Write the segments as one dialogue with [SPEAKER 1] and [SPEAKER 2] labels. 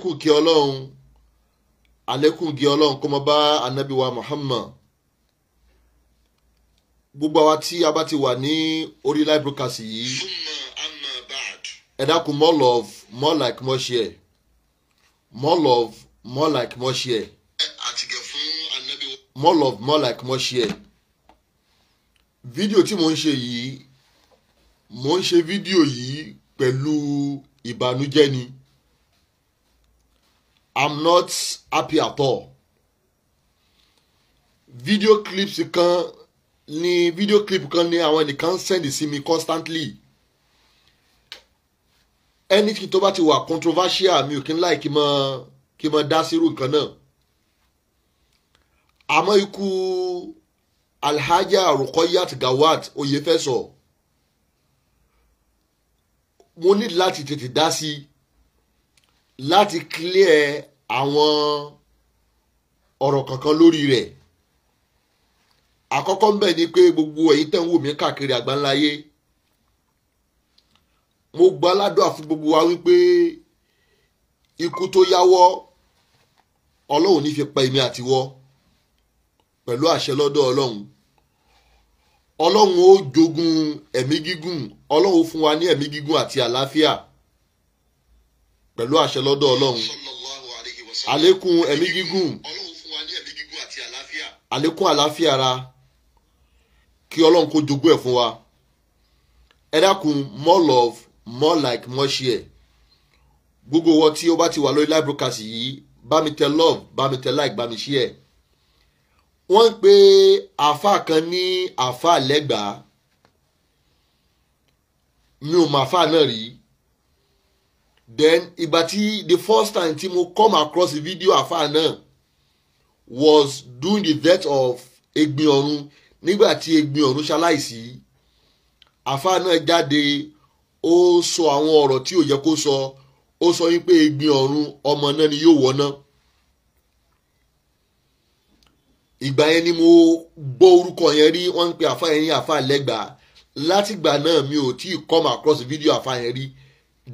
[SPEAKER 1] àlékún kí ọlọ́run àlékún kí ọlọ́run kó máa bá anabi Muhammad gbogbo àwa tí a bá ti wà ní orí live broadcast yìí ẹ dákun more love more like more share more love more like more share more love more like more share fídíò tí mò ń ṣe yìí mò ń ṣe fídíò yìí pẹ̀lú ìbànújẹ́ ni. I'm not happy at all. Video clips kan ni video clip kan ni àwọn ẹnìkan send sí mi constantly anything tó bá ti wà controversial mi ò kí n láì kí n mọ kí n mọ dá sírú nǹkan náà àmọ́ ikú alhaja rukoyat gawat oyefeso mo ní láti tètè dá sí láti clear àwọn ọ̀rọ̀ kankan lórí rẹ̀ àkọ́kọ́ ń bẹ̀ ni pé gbogbo ẹ̀yin tẹ́ ń wò mí káàkiri àgbáńláyé mo gba ládùá fún gbogbo wa wípé ikú tó yáwọ́ ọlọ́run ní fi pa èmi àtiwọ́ pẹ̀lú àṣẹ lọ́dọ̀ ọlọ́run ọlọ́run ó jogún ẹ̀mí gígùn ọlọ́run fún wa ní ẹ̀mí gígùn àti àlàáfíà pẹ̀lú àṣẹ lọ́dọ̀ ọlọ́run àlékún ẹ̀mí gígùn àlékún àlàáfíà ara kí ọlọ́run kó jogún ẹ̀ fún wa ẹ dákun more love more like more share gbogbo wọn tí ó bá ti wà lórí live broadcast yìí bá mi tẹ love bá mi tẹ like bá mi share wọ́n ń pe àáfàá kan ní àáfàá lẹ́gbàá mi ò mọ àáfàá náà rí then ìgbà the first time tí mo come across the video àfáà náà was during the death of Egbin Ọ̀run nígbà tí Egbin Ọ̀run ṣaláìsí àfáà náà jáde ó sọ àwọn ọ̀rọ̀ tí ò yẹ kó sọ ó sọ wípé Egbin Ọ̀run ọmọ náà ni yóò wọ̀ náà. ìgbà yẹn ni mo gbọ́ orúkọ yẹn rí wọ́n ń pe àfa yẹn ní àfa lẹ́gbàá látìgbà náà mi ò tí ì come across the video àfa yẹn rí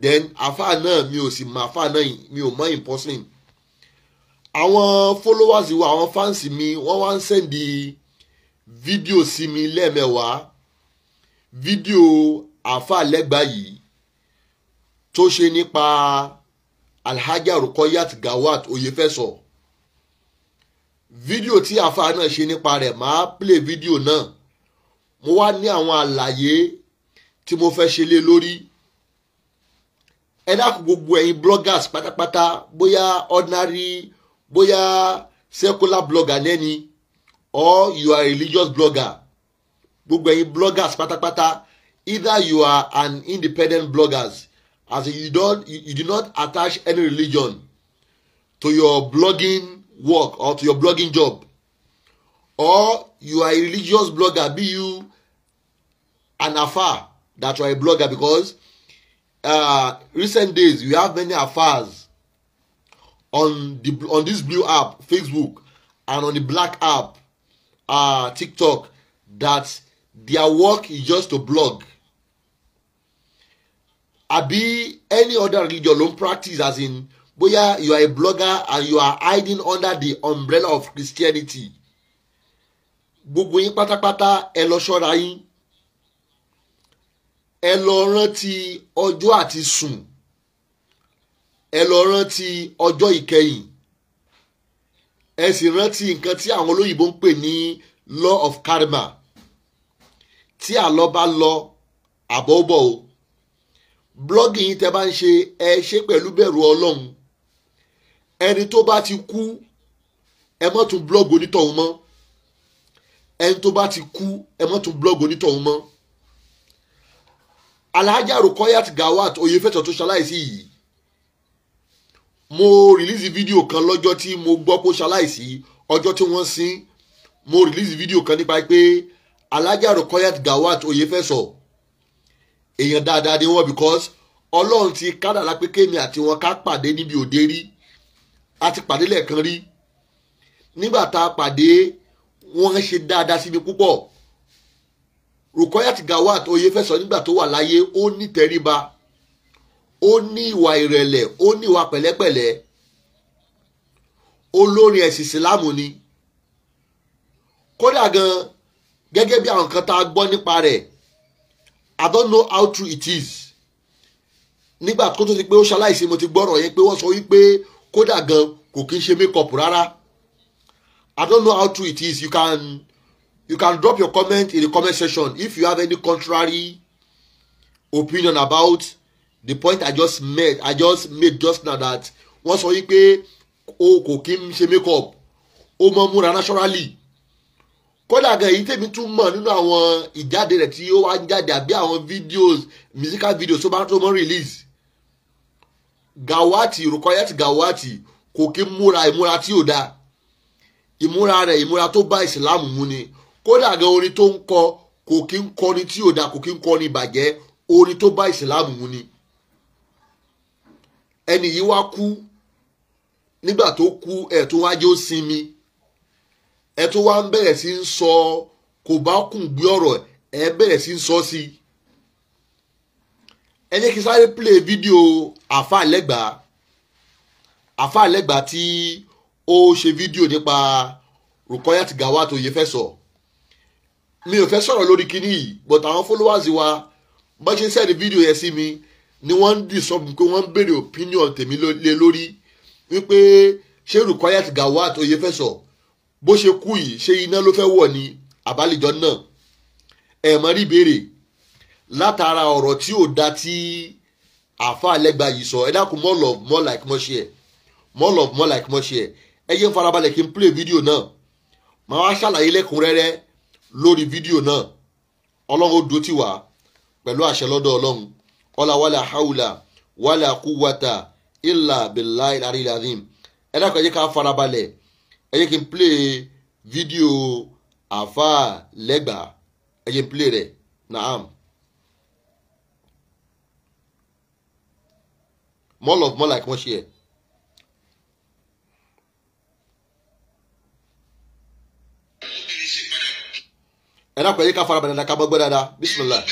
[SPEAKER 1] then àfáà náà mi ò sì mọ àfáà náà mi ò mọ in person followers wa àwọn fans mi wọ́n wá send sẹ́ndì fídíò sí mi lẹ́ẹ̀mẹ́wàá video àfáà lẹ́gbàá yìí tó ṣe nípa alhaja rukọyat gawat oyefeso. Video ti àfáà náà ṣe nípa rẹ̀ máa play video náà mo wá ní àwọn àlàyé tí mo fẹ́ ṣe lé lórí ẹ dákun gbogbo ẹ̀yin bloggers pátápátá bóyá ordinary bóyá secular blogger lẹ́ni or you are a religious blogger gbogbo ẹ̀yin bloggers pátápátá either you are an independent bloggers as you don you, you do not attach any religion to your blogging work or to your blogging job or you are a religious blogger be you an afa that you are a blogger because uh, recent days we have many affairs on the on this blue app facebook and on the black app uh, tiktok that their work is just to blog abi any other religion don practice as in boya you are a blogger and you are hiding under the umbrella of christianity gbogbo yín pátápátá ẹ lọ ṣọ́ra yín ẹ lọ rántí ọjọ́ àti sùn ẹ lọ rántí ọjọ́ ìkẹyìn ẹ sì rántí nǹkan tí àwọn olóyìnbó ń pè ní law of karma tí àlọ́ bá lọ àbọ̀ bọ̀ o blọ́ọ̀gì yìí tẹ́ bá ń ṣe ẹ ṣe pẹ̀lú bẹ̀rù ọlọ́run ẹni tó bá ti kú ẹ mọ́ tún blọ́ọ̀gì onítọ̀hún mọ́ ẹni tó bá ti kú ẹ mọ́ tún onítọ̀hún mọ́ alhaja rukayat gawat oyefẹtọ tó ṣaláìsí yìí mo release video kan lọ́jọ́ tí mo gbọ́ pé ó ṣaláìsí ọjọ́ tí wọ́n sin mo release video kan nípa pé alhaja rukayat gawat oyefẹsọ èèyàn dáadáa ni wọ́n because ọlọ́run ti kádàrá pé kémi àti wọn ká pàdé níbi òde rí a ti pàdé lẹ́ẹ̀kan rí nígbà tá a pàdé wọ́n ṣe dáadáa sí púpọ̀ Rukayat Gawat Oyefeso nígbà tó wà láyé ó ní tẹríba ó ní ìwà ìrẹ̀lẹ̀ ó ní ìwà pẹ̀lẹ́pẹ̀lẹ́ olórin ẹ̀sìn ìsìlámù ni kódà gan gẹ́gẹ́ bí àwọn kan tá a gbọ́ nípa rẹ̀ I don't know how true it is nígbà tó tó ti pé ó ṣaláìsí mo ti gbọ́rọ̀ yẹn pé wọ́n sọ wípé kódà gan kò kí ń ṣe makeup rárá I don't know how true it is you can you can drop your comment in the comment section if you have any contrary opinion about the point i just made i just made just now that wọ́n sọ yìí pé o kò kí n ṣe make up o mọ múra naturally kódà gan èyí tèmi tún mọ̀ nínú àwọn ìjáde rẹ̀ tí ó wá ń jáde àbí àwọn videos musical videos tó bá tó mọ́ release Gawat Rukayat Gawat kò kí múra ìmúra tí ò dáa ìmúra rẹ̀ ìmúra tó bá ìsìlámù mu ni kódà gan orin tó ń kọ kò kí ń kọni tí ò da kò kí ń kọni ìbàjẹ́ orin tó bá ìsìláàmù mu ni ẹni yìí wá kú nígbà tó kú ẹ̀ tó wá jẹ́ ó sinmi ẹ̀ tó wá ń bẹ̀rẹ̀ sí ń sọ kò bá kùn gbé ọ̀rọ̀ ẹ̀ bẹ̀rẹ̀ sí ń sọ sí i ẹ jẹ́ kí sáré play fídíò àfa àlẹ́gbàá àfa àlẹ́gbàá tí ó ṣe fídíò nípa Rukayat Gawat Oyefeso mi ò fẹ́ sọ̀rọ̀ lórí kíní yìí but àwọn followers wa bá ṣe ń sẹ́ni fídíò yẹn sí mi ni wọ́n ń dì sọ́ọ̀bù pé wọ́n ń béèrè opinion tèmi lé lórí wípé ṣé Rukayat Gawat Oyefeso bó ṣe kú yìí ṣé iná ló fẹ́ wọ̀ ni àbálìjọ náà ẹ̀ mọ́ rí béèrè látara ọ̀rọ̀ tí ò da tí àfa àlẹ́gba yìí sọ ẹ dákun more love more like more share more love more like more share ẹ yé ń farabalẹ̀ kí n play video náà màá wá ṣàlàyé lẹ́kùnrẹ́rẹ́ lórí fídíò náà ọlọ́run ó dó tì wá pẹ̀lú àṣẹ lọ́dọ̀ ọlọ́run ọlá wàlà haúlà wàlà kúwàtà ìlà bìlà ìlàrí ìlàdìm ẹ dákun ẹ jẹ́ ká farabalẹ̀ ẹ jẹ́ kí n plé fídíò àfa lẹ́gbàá ẹ n plé rẹ̀ naam. more love more like wọ́n ṣe ẹ̀. ẹ dàpọ̀ yìí ká fara balẹ̀ dáká gbọ́gbọ́ dáadáa bisimilah.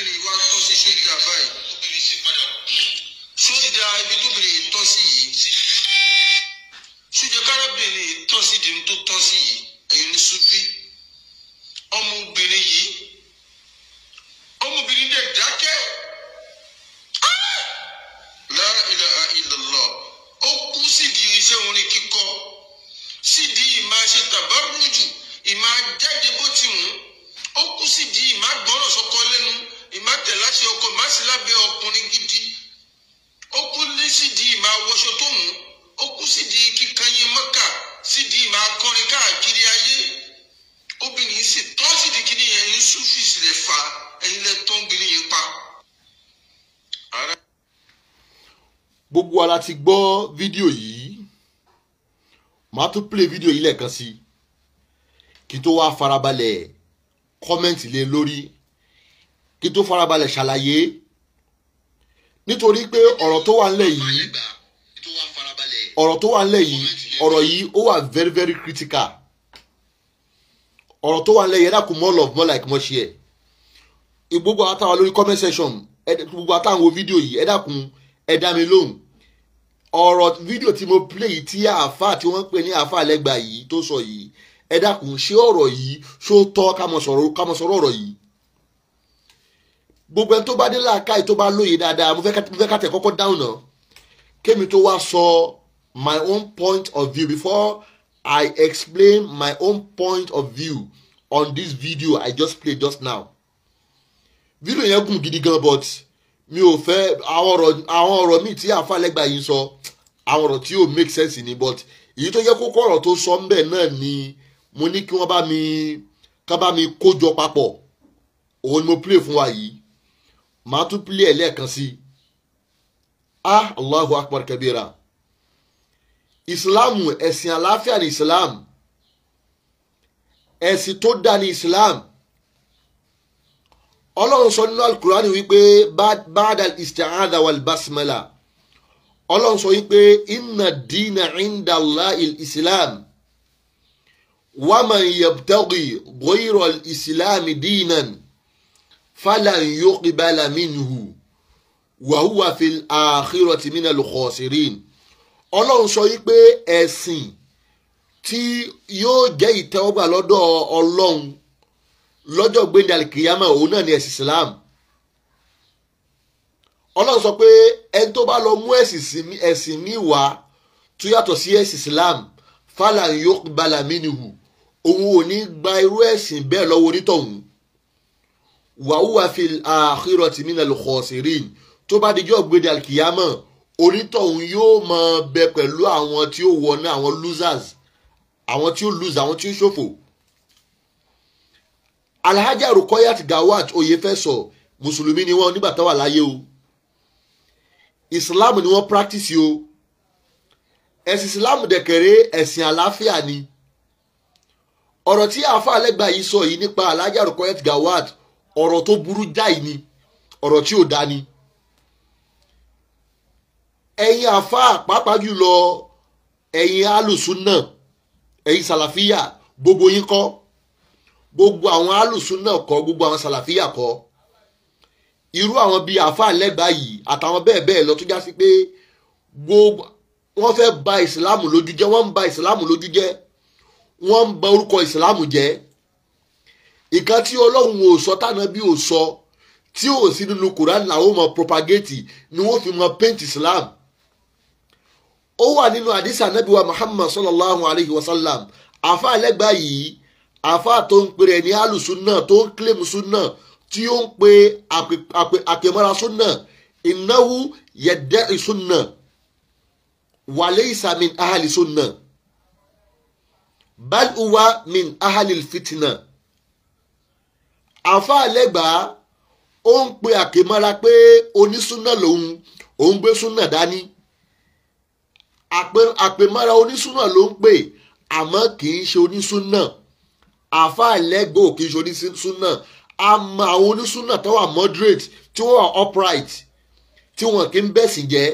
[SPEAKER 2] sídìí máa ṣe tàbí.
[SPEAKER 1] wa la ti gbọ́ fídíò yìí màá tún play fídíò yìí lẹ́ẹ̀kan sí kí tó wá farabalẹ̀ kọ́mẹ́ǹtì lé lórí kí tó farabalẹ̀ ṣàlàyé nítorí pé ọ̀rọ̀ tó wà ńlẹ̀ yìí ọ̀rọ̀ tó wà ńlẹ̀ yìí ọ̀rọ̀ yìí ó wà very very critical ọ̀rọ̀ tó wà ńlẹ̀ yìí ẹ̀dá kù more love more like more share gbogbo àtàwọn lórí comment section gbogbo àtàwọn wo fídíò yìí ẹ̀dá kù ẹ dá mi lóhùn ọ̀rọ̀ fídíò tí mo play tí àáfà tí wọ́n ń ní àáfà lẹ́gbàá yìí tó sọ yìí ẹ dákun ṣé ọ̀rọ̀ yìí ṣó tọ́ ká mọ̀ sọ̀rọ̀ ọ̀rọ̀ yìí gbogbo ẹni tó bá dé láàkáì tó bá lóye dáadáa mo fẹ́ ká tẹ̀ kọ́kọ́ dáhùn náà kémi tó wá sọ my own point of view before I explain my own point of view on this video I just played just now video yẹn gùn gidi gan but mi ò fẹ́ àwọn ọ̀rọ̀ míì tí àfàlẹ́gbà yìí sọ àwọn ọ̀rọ̀ tí ò make sense ni but èyí tó yẹ kókó ọ̀rọ̀ tó sọ ńbẹ̀ náà ni mo ní kí wọ́n bá mi ká bá mi kójọ papọ̀ òun ni mo play fún wa yìí màá tún play ẹ̀ lẹ́ẹ̀kan sí i ah allahu akbar kabira ìsìláàmù ẹ̀sìn àlàáfíà ni ìsìláàmù ẹ̀sìn tó dá ni ìsìláàmù ọlọ́run sọ nínú alukurani wípé ba'dal isti'adha wal basmala ọlọ́run sọ wípé inna dina inda Allahil islam wa man yabtaghi ghayral islam dinan falan yuqbala minhu wa huwa fil akhirati minal khasirin ọlọ́run sọ wípé ẹ̀sìn tí yóò jẹ́ ìtẹ́wọ́gbà lọ́dọ̀ ọlọ́run lọ́jọ́ gbẹ̀ndẹ̀ alikiyama òun náà ni ẹ̀sìn islam ọlọ́run sọ pé ẹni tó bá lọ mú ẹ̀sìn mi wá tó yàtọ̀ sí ẹ̀sìn islam fàlà yóò balà mí nìhù òun ò ní gba irú ẹ̀sìn bẹ́ẹ̀ lọ́wọ́ onítọ̀hún wàhùwà fi àkírọ̀ tì mí nà lùkọ̀ sírìn tó bá dijọ́ gbẹ̀ndẹ̀ alikiyama onítọ̀hún yóò máa bẹ pẹ̀lú àwọn tí ó wọ̀ náà àwọn losers àwọn tí ó lose àwọn tí ó ṣòfò alhaja rukayat gawat oyefeso mùsùlùmí ni wọ́n nígbà táwà láyé o islam ni wọ́n practice o ẹ̀sìn islam dẹ̀kẹ̀rẹ́ ẹ̀sìn àlàáfíà ni ọ̀rọ̀ tí àáfàá lẹ́gbàá yìí sọ yìí nípa alhaja rukayat gawat ọ̀rọ̀ tó burú jáì ni ọ̀rọ̀ tí ò dá ni ẹ̀yin àáfàá pàápàá jùlọ ẹ̀yin alùsùn náà ẹ̀yin sàlàfíà gbogbo yín kọ́ gbogbo àwọn alùsùn náà kọ́ gbogbo àwọn sàlàfíà kọ́ irú àwọn bíi àáfàá lẹ́gbàá yìí àtàwọn bẹ́ẹ̀ bẹ́ẹ̀ lọ tó já sí pé gbogbo wọ́n fẹ́ ba ìsìláàmù lójú jẹ́ wọ́n ń ba ìsìláàmù lójú jẹ́ wọ́n ń ba orúkọ ìsìláàmù jẹ́ ìkan tí ọlọ́run ò sọ tànàbí ò sọ tí ò sí nínú Quran làwọn máa propagate ni wọ́n fi máa paint Islam ó wà nínú àdìsá nàbíwá Muhammad sallallahu alayhi wa sallam àáfàá lẹ́gbàá yìí àáfàá tó ń pèrè ní alùsùnà tó ń kílèmù sùnà tí ó ń pe àpèmọ́ra sùnà ìnáwó yẹ̀dẹ́ ìsùnà wàlẹ́ ìsàmì ahàlì sùnà balùwà min ahàlì fìtìnà àáfàá lẹ́gbàá ó ń pe àpèmọ́ra pé onísùnà lòun òun gbé sùnà dání àpèmọ́ra onísùnà ló ń pè àmọ́ kì í ṣe onísùnà àáfàá lẹ́gbẹ̀ẹ́ kì í ṣe onísúnà a mọ àwọn onísúnà tó wà moderate tí wọ́n wà upright tí wọ́n kì í bẹ̀sìn jẹ́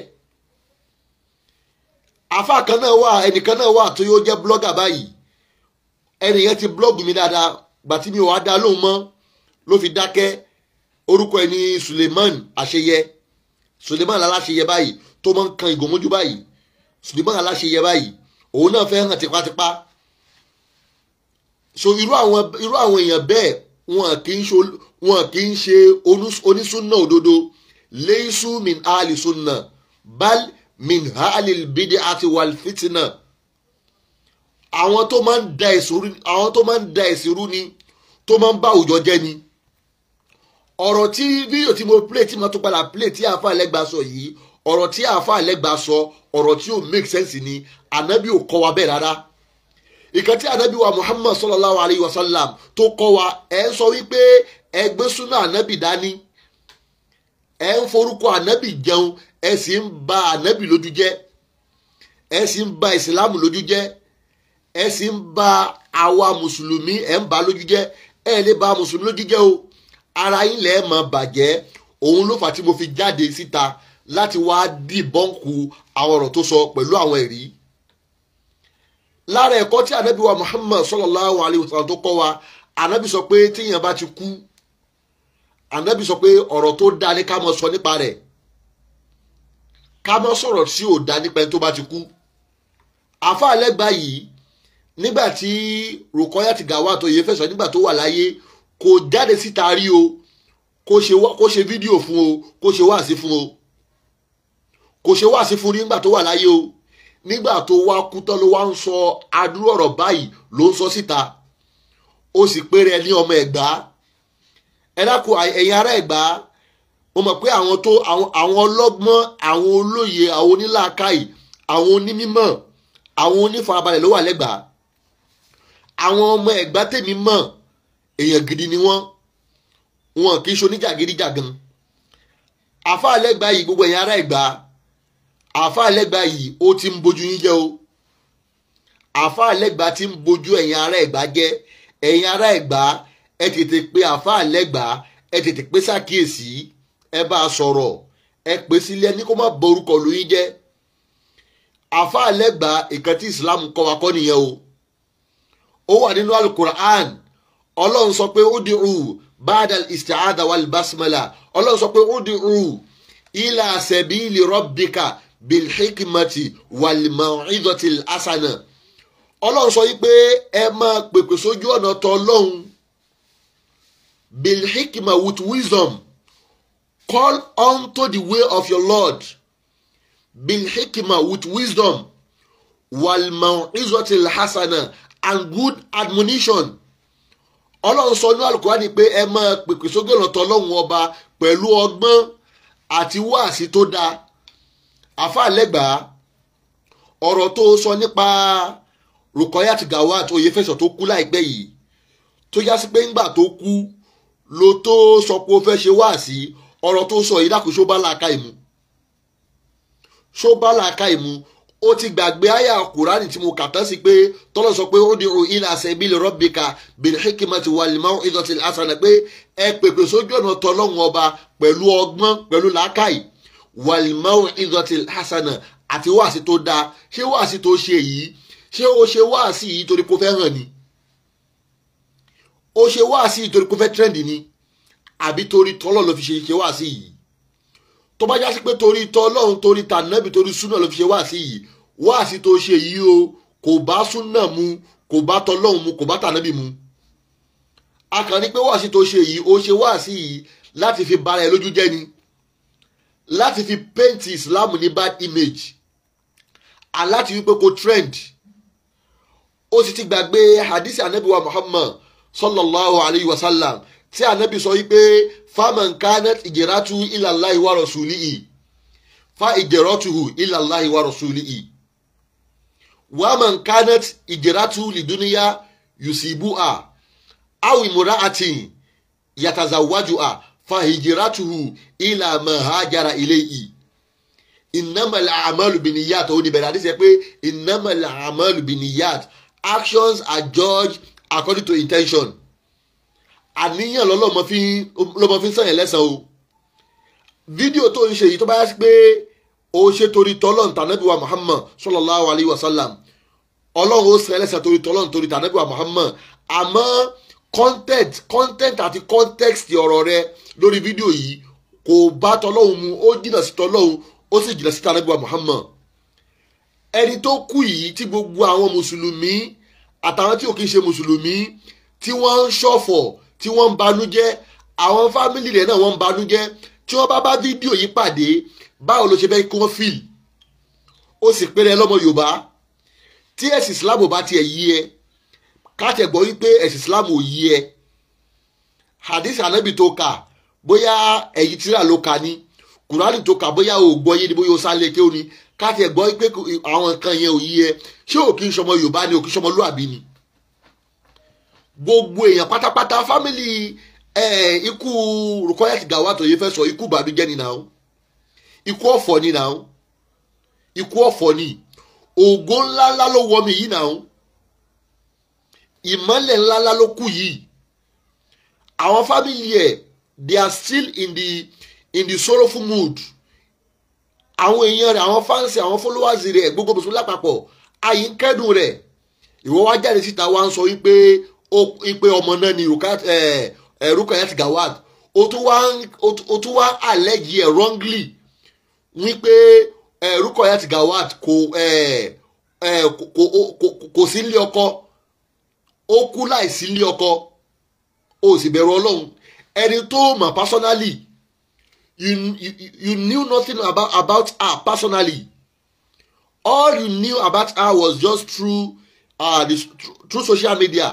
[SPEAKER 1] àáfàá kan náà wà ẹnìkan náà wà tó yóò jẹ́ blogger báyìí ẹnìyẹn ti blọ́ọ̀gù mi dáadáa gbàtí mi ò wá dá lóhùn mọ́ ló fi dákẹ́ orúkọ ẹni Suleiman àṣeyẹ Suleiman aláṣeyẹ báyìí tó máa ń kan ìgò mójú báyìí Suleiman aláṣeyẹ báyìí òun náà fẹ́ hàn tipátipá so irú àwọn irú àwọn èèyàn bẹ́ẹ̀ wọn kì í wọn kì í ṣe onísúnà òdodo leisu min ali sunna bal min ali bidi àti wal fitina àwọn tó máa ń da ẹ̀sìn rú àwọn tó máa ń da ẹ̀sìn rú ni tó máa ń bá òjò jẹ́ ni ọ̀rọ̀ tí fídíò tí mo play tí mo tún padà play tí àáfàá lẹ́gbàá sọ yìí ọ̀rọ̀ tí àáfàá lẹ́gbàá sọ ọ̀rọ̀ tí ò make sense ni ànábì ò kọ́ wa bẹ́ẹ̀ rárá. ìkàtí anabi wa muhammad sallallahu alayhi wasallam to tó kọ́ wa ẹ̀ ń sọ wípé ẹ gbé súnà ànábì dání ẹ ń forúkọ ànábì jẹun ẹ ń ba anabi lójú jẹ́ ẹ sì ń ba ìsìlámù lójú jẹ́ ẹ ń ba àwa mùsùlùmí ẹ ń ba lójú jẹ́ ẹ lè ba mùsùlùmí lójú o ara yín lẹ́ẹ̀ máa bàjẹ́ òun ló fà tí mo fi jáde síta láti wá di àwọn ọ̀rọ̀ tó sọ pẹ̀lú àwọn ẹ̀rí. lára ẹ̀kọ́ tí anabi wa muhammad sallallahu alayhi wa sallam tó kọ́ wa anabi sọ pé tíyàn bá ti kú anabi sọ pé ọ̀rọ̀ tó dáa ni ká máa sọ nípa rẹ̀ ká máa sọ̀rọ̀ sí ò dáa nípa ẹni tó bá ti kú àfáà lẹ́gbàá yìí nígbà tí Rukayat Gawat Oyefeso nígbà tó wà láyé kò jáde síta rí o kó ṣe fídíò fún o kó ṣe wáàsí fún o kò ṣe wáàsí fún rí nígbà tó wà láyé o nígbà tó wá kú tán ló wá ń sọ adúrú ọ̀rọ̀ báyìí ló ń sọ síta ó sì péré ní ọmọ Ẹ̀gbá ẹ dákun ẹ̀yin ará Ẹ̀gbá mo mọ̀ pé àwọn tó àwọn ọlọ́gbọ́n àwọn olóye àwọn onílàákàyè àwọn onímímọ̀ àwọn onífarabalẹ̀ ló wà lẹ́gbàá àwọn ọmọ Ẹ̀gbá tèmi mọ̀ èèyàn gidi ni wọ́n wọn kì í ṣe oníjàgídíjàgan àfáà yìí gbogbo ẹ̀yin ará Ẹ̀gbá àfa àlẹ́gbà yìí ó ti ń bojú yín jẹ́ o àfa àlẹ́gbà ti ń bojú ẹ̀yin ará ẹ̀gbá jẹ́ ẹ̀yin ará ẹ̀gbá ẹ tètè pé àfa àlẹ́gbà ẹ tètè pé sàkíyèsí ẹ bá a sọ̀rọ̀ ẹ pè sílé ẹni kó má bọ orúkọ lóyún jẹ́ àfa àlẹ́gbà ìkan tí Islam kọ́ wa kọ́ nìyẹn o ó wà nínú alukur'an ọlọ́run sọ pé ó di rú ba'dal isti'adha wal basmala ọlọ́run sọ pé ó di rú ila sabili rabbika bilhikimati walimahidotil asana ọlọ́run sọ yìí pé ẹ máa pèpè sójú ọ̀nà tọ́ ọlọ́run bilhikima with wisdom call unto the way of your lord bilhikima with wisdom walimahidotil asana and good admonition ọlọ́run sọ ní alukurani pé ẹ máa pèpè sójú ọ̀nà tọ́ ọlọ́run ọba pẹ̀lú ọgbọ́n àti wáàsí tó dáa àfàlẹ́gbàá ọ̀rọ̀ tó sọ nípa Rukayat Gawat Oyefeso tó kú láìpẹ́ yìí tó yá sí pé ńgbà tó kú ló tó sọ pé ó fẹ́ ṣe wáàsí ọ̀rọ̀ tó sọ yìí dákun ṣó bá làákà ìmú ṣó bá làákà ìmú ó ti gbàgbé àyà kùránì tí mo kà tán sí pé tọ́lọ̀ sọ pé ó ní o ilà sẹ́bílì rọ́bìkà bil hikmati wal maw'izati al hasana pé ẹ pèpè sójú ọ̀nà tọ́lọ́hún ọba pẹ̀lú ọgbọ́n pẹ̀lú làákàyè wàlímọ́wò ìdọ̀tí hasana àti wáàsí tó dáa ṣé wáàsí tó ṣe yìí ṣé o ṣe wáàsí yìí torí kò fẹ́ hàn ni o ṣe wáàsí yìí torí kò fẹ́ tírẹ́ǹdì ni àbí torí tọ́lọ́ ló fi ṣe ṣe wáàsí yìí tó bá jásí pé torí tọ́lọ́run torí tànàbí torí súnà ló fi ṣe wáàsí yìí wáàsí tó ṣe yìí o kò bá súnà mu kò bá tọ́lọ́run mu kò bá tànàbí mu a kàn ní pé wáàsí tó ṣe yìí o ṣe wáàsí yìí láti fi bára ẹ láti fi paint islam ní bad image aláti wípé kò trend ó sì ti gbàgbé hadith anabiwa muhammad sallallahu alayhi wa sallam tí anabi sọ wípé faman kanat ìjẹ̀rátú ilallahi wa rasulihi fa ìjẹ̀rọ́tuhu ilallahi wa rasulihi waman kanat ìjẹ̀rátú liduniya yusibu'a aw imra'atin yatazawwaju'a fa hijratuhu ilà mọ̀ hajara ilé yìí ìnámọ̀lá àmọ́lù bìníyàt ó ní àti sẹ́ pé ìnámọ̀lá àmọ́lù bìníyàt actions are judged according to intention àníyàn lọ́lọ́mọ fi lọ́mọ fi ń sàn yẹn lẹ́sàn o fídíò tó ń ṣe yìí tó bá yá sí pé o ṣe torí tọ́lọ́n tànàbíwá Muhammad sallallahu alayhi wa sallam ọlọ́run ó sàn ẹlẹ́sàn torí tọ́lọ́n torí wa Muhammad àmọ́ content content àti context ọ̀rọ̀ rẹ lórí fídíò yìí kò bá tọlọ́hun mu ó jìnnà sí tọlọ́hun ó sì jìnnà sí tànàbíwá Muhammad ẹni tó kú yìí tí gbogbo àwọn mùsùlùmí àtàwọn tí ò kì í ṣe mùsùlùmí tí wọ́n ń ṣọ̀fọ̀ tí wọ́n ń banújẹ́ àwọn fámìlì rẹ̀ náà wọ́n ń banújẹ́ tí wọ́n bá bá fídíò yìí pàdé báwo ló ṣe fẹ́ kí wọ́n fìl ó sì péré lọ́mọ Yorùbá tí ẹ̀sìn Islam ò bá tiẹ̀ yí ẹ káàtẹ̀ gbọ́ wípé ẹ̀sìn Islam ò yí ẹ hadith anabi tó kà bóyá ẹ̀yìn tíra ló ka ní kùránì tó kà bóyá ò gbọ́ yé ni bóyá ó sálé kí ó ní káfíẹ̀ gbọ́ pé àwọn nǹkan yẹn ò yí ẹ ṣé ò kí ń ṣọmọ yorùbá ni ò kí ń ṣọmọ lúàbí ni gbogbo èèyàn pátápátá fámìlì ikú Rukayat Gawat tó yẹ fẹ́ sọ ikú ìbànújẹ́ ni náà ikú ọ̀fọ̀ ni náà ikú ọ̀fọ̀ ni ògo ńláńlá ló wọ mi yìí náà ìmọ́lẹ̀ ńláńlá ló kù yìí àwọn fámìlì ẹ̀ they are still in the in the sorrowful mood àwọn èèyàn rẹ̀ àwọn fáǹsì àwọn followers rẹ̀ gbogbo mùsùlùmí lápapọ̀ àyè ń kẹ́dùn rẹ̀ ìwọ wá jáde síta wá ń sọ wípé ipe ọmọ náà ni eh, eh, Rukayat Gawat o tún wá àlẹ́jì ẹ̀ wrongly wípé eh, Rukayat Gawat kò kò sí ilé ọkọ ó kú láì sí ilé ọkọ ó sì bẹ̀rù Ọlọ́run ẹni tó mọ̀ personally you, you, you knew nothing about, about her personally all you knew about her was just through, uh, the through social media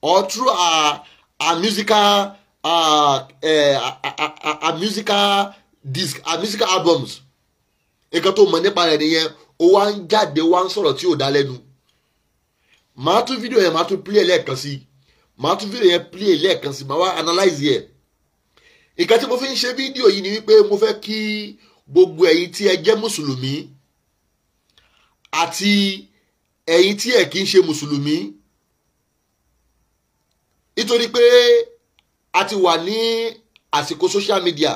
[SPEAKER 1] or through her, her musical uh, uh, uh, uh, uh, musical disc uh, musical albums nǹkan tó mọ̀ nípa rẹ̀ nìyẹn ó wá ń jáde wá ń sọ̀rọ̀ tí ò dá lẹ́nu màá tún fídíò yẹn màá tún play lẹ́ẹ̀kan sí i màá tún fídíò yẹn play lẹ́ẹ̀kan sí màá wá analyze yẹ nǹkan tí mo fi ń ṣe fídíò yìí ni wípé mo fẹ́ kí gbogbo ẹ̀yin tí ẹ jẹ́ mùsùlùmí àti ẹ̀yin tí ẹ kì í ṣe mùsùlùmí nítorí pé a ti wà ní àsìkò social media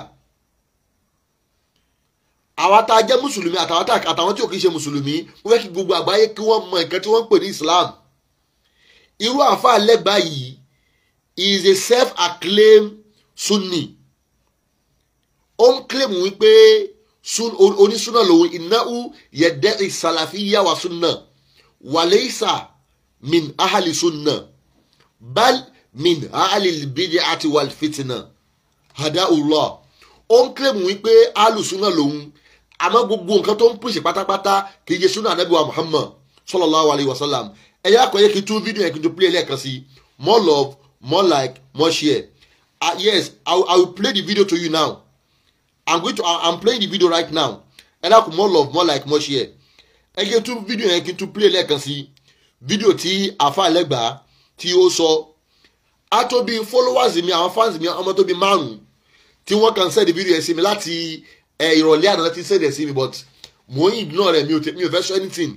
[SPEAKER 1] àwa tá a jẹ́ mùsùlùmí àtàwọn tí ò kì í ṣe mùsùlùmí mo fẹ́ kí gbogbo àgbáyé kí wọ́n mọ nǹkan tí wọ́n ń pè ní Islam irú àǹfà lẹ́gbàá yìí is a self-acclaimed sunni ó ń claim wípé onísúná lòun ìnáwó yẹ̀dẹ́ ìsàlàfíyà wà súnà wàlẹ́sà min ahali súnà bal min ahali bidi àti wal hada ulọ ó ń claim wípé alùsúná lòun àmọ́ gbogbo nǹkan tó ń pèsè pátápátá kì í ṣe súnà anábìwá Muhammad sallallahu alayhi wa sallam ẹ yá kọ́ yẹ kí n play lẹ́ẹ̀kan sí more love more like more share uh, yes I, i will play the video to you now i'm going to i'm playing the video right now ẹ yá more love more like more share ẹ kí n tún fídíò yẹn play lẹ́ẹ̀kan sí fídíò tí àfa ti tí ó sọ á followers mi àwọn fans mi ọmọ tó bí márùn-ún tí wọ́n kàn video fídíò yẹn sí mi láti eh, ìrọ̀lẹ́ àná láti sẹ́ẹ̀dì ẹ̀ sí mi but mo ń ignore rẹ̀ mi ò fẹ́ sọ anything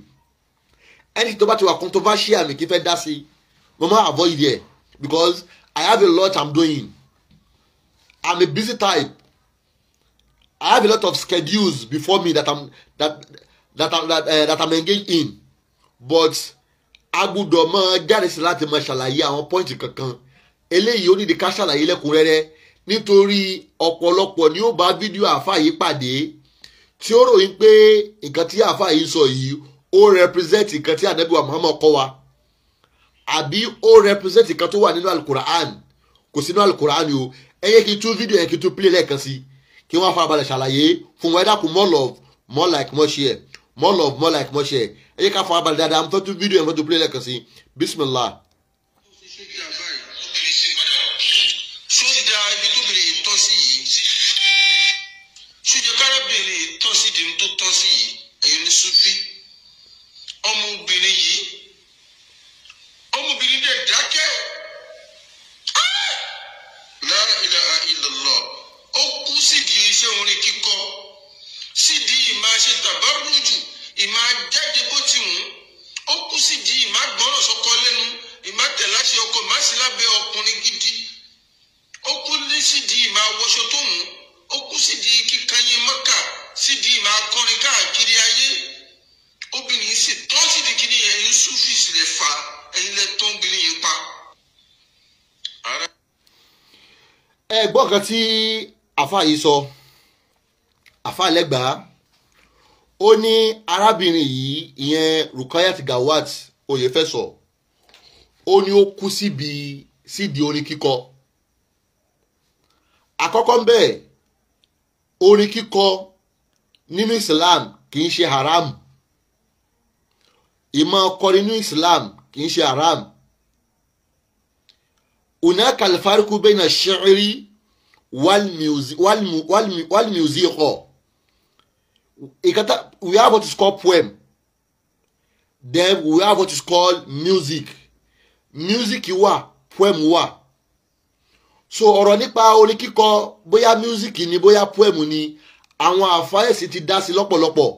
[SPEAKER 1] anything tó bá ti wà controversial mi kì í fẹ́ dá sí mo máa avoid there because I have a lot I'm doing I'm a busy type I have a lot of schedules before me that I'm that that that, uh, that I'm engaged in but a gbọ́dọ̀ máa jáde sí láti máa ṣàlàyé àwọn pọ́ìntì kankan eléyìí ó nídìí ká ṣàlàyé lẹ́kùnrẹ́rẹ́ nítorí ọ̀pọ̀lọpọ̀ ni ó bá fídíò àáfàá yìí pàdé tí ó ròyìn pé nǹkan tí àáfàá sọ yìí ó represent nǹkan tí anabi wa muhammad kọ́ wa àbí ó represent nǹkan tó wà nínú alukur'an kò sínú alukur'an o ẹ yẹ kí n tún fídíò yẹn kí n tún play lẹ́ẹ̀kan sí kí wọ́n farabalẹ̀ ṣàlàyé fún wọn ẹ dákun more love more like more share more love more like more share ẹ yẹ ká farabalẹ̀ dáadáa mo fẹ́ tún fídíò yẹn mo tún play lẹ́ẹ̀kan sí bismillah.
[SPEAKER 2] tọ́ sí ọmọbìnrin yìí ọmọbìnrin dẹ̀ dákẹ́ la ilaha illallah ó kú sídìí iṣẹ́ orin kíkọ sídìí ìmáa ṣe tàbárùjù ìmáa jáde bó ti wù ó kú sídìí ìmáa gbọ́rọ̀ sọ́kọ lẹ́nu ìmáa tẹ̀láṣẹ ọkọ ìmáa sí lábẹ́ ọkùnrin gidi ó kú sídìí ìmáa wọṣọ tó wù ó kú sídìí kíkanyé mọ́kà sídìí ìmáa kọrin káàkiri ayé obìnrin sì tọ́sí ní kíní yẹn ẹ̀yin sùfìsì lè fa ẹ̀yin lè tó obìnrin yẹn pa.
[SPEAKER 1] ẹ gbọ́ kan tí àfa yìí sọ àfa lẹ́gbàá ó ní arábìnrin yìí ìyẹn Rukayat Gawat Oyefeso ó ní ó kú síbi sídìí orin kíkọ àkọ́kọ́ ń orin kíkọ nínú Islam kì í ṣe haram ìmọ̀ kọrin ní islam kì í ṣe haram una kalifariku bẹ́ẹ̀nà ṣẹ́ẹ́rì wal music hall ìkàtà we have what is called poem then we have what is called music music wà poem wà so ọ̀rọ̀ nípa orin kíkọ bóyá music ni bóyá poem ni àwọn àfáyèsí ti dá sí lọ́pọ̀lọpọ̀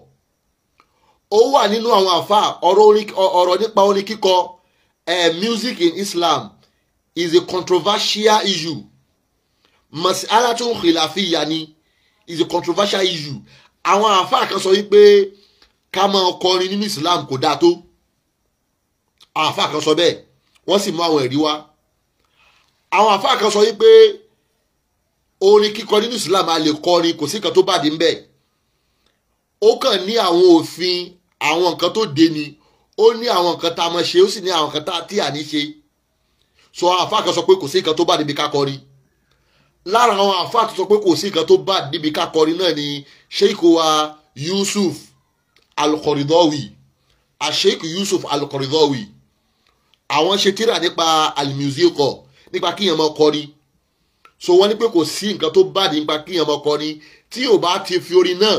[SPEAKER 1] ó wà nínú àwọn àfa ọ̀rọ̀ nípa orin kíkọ eh, music in Islam is a controversial issue mas'alatun khilafiyya ni is a controversial issue àwọn àfa kan sọ wípé ká máa kọrin nínú Islam kò dáa tó àfa kan sọ bẹ́ẹ̀ wọ́n sì mú àwọn ẹ̀rí wá àwọn àfa kan sọ wípé orin kíkọ nínú Islam a lè kọrin kò sí kan tó bàdí ń bẹ́ẹ̀ ó kàn ní àwọn òfin àwọn nǹkan tó de ni ó ní àwọn nǹkan tá a mọ̀ ṣe ó sì ní àwọn nǹkan tá a tí à ní ṣe sọ àáfàá kan sọ pé kò sí nǹkan tó bá níbi ká kọrin lára àwọn àáfàá tó sọ pé kò sí nǹkan tó bá níbi ká kọrin náà ni sheikh wa Yusuf al a Sheikh Yusuf Al-Qaradawi àwọn ṣe tíra nípa alimusiko nípa kíyàn mọ kọrin so wọ́n ní pé kò sí nǹkan tó bá nípa kíyàn mọ kọrin tí ò bá ti fi orin náà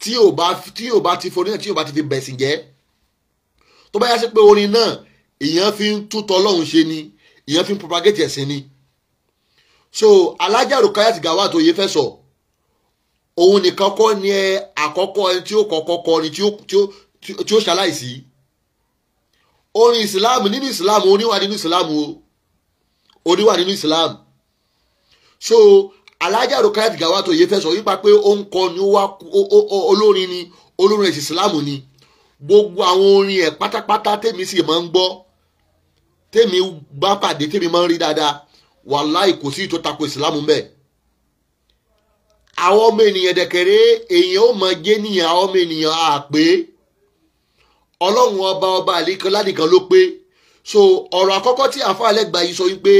[SPEAKER 1] tí ò bá tí ò bá ti forí náà tí ò bá ti fi bẹ̀sìn jẹ́ tó bá yá sí pé orin náà èèyàn fi ń tútọ ọlọ́run ṣe ni èèyàn fi ń propagate ẹ̀sìn ni so alájà Rukayat Gawat tó yẹ fẹ́ sọ òun nìkan kọ́ ni ẹ àkọ́kọ́ ẹni tí ó kọ́kọ́ kọ ni tí ó ṣaláìsí orin Islam nínú Islam oníwà nínú Islam o oníwà nínú Islam so alájà rukayat gawato yìí fẹsọ̀ yípa pé ó ń kọ ni ó wá olórin ni olórin ẹ̀sìn islam ni gbogbo àwọn orin ẹ̀ pátápátá tèmi sì máa ń gbọ́ tèmi bá pàdé tèmi máa ń rí dáadáa wàláì kò sí ìtọ́tako islam bẹ́ẹ̀ àwọn ọmọ ènìyàn dẹ̀kẹ̀rẹ́ èèyàn ó máa jẹ́ nìyàn àwọn ọmọ ènìyàn àpé ọlọ́run ọba ọba àlékọ́lá nìkan ló pé so ọ̀rọ̀ àkọ́kọ́ tí àfọ́ àlẹ́gbàá yìí sọ wípé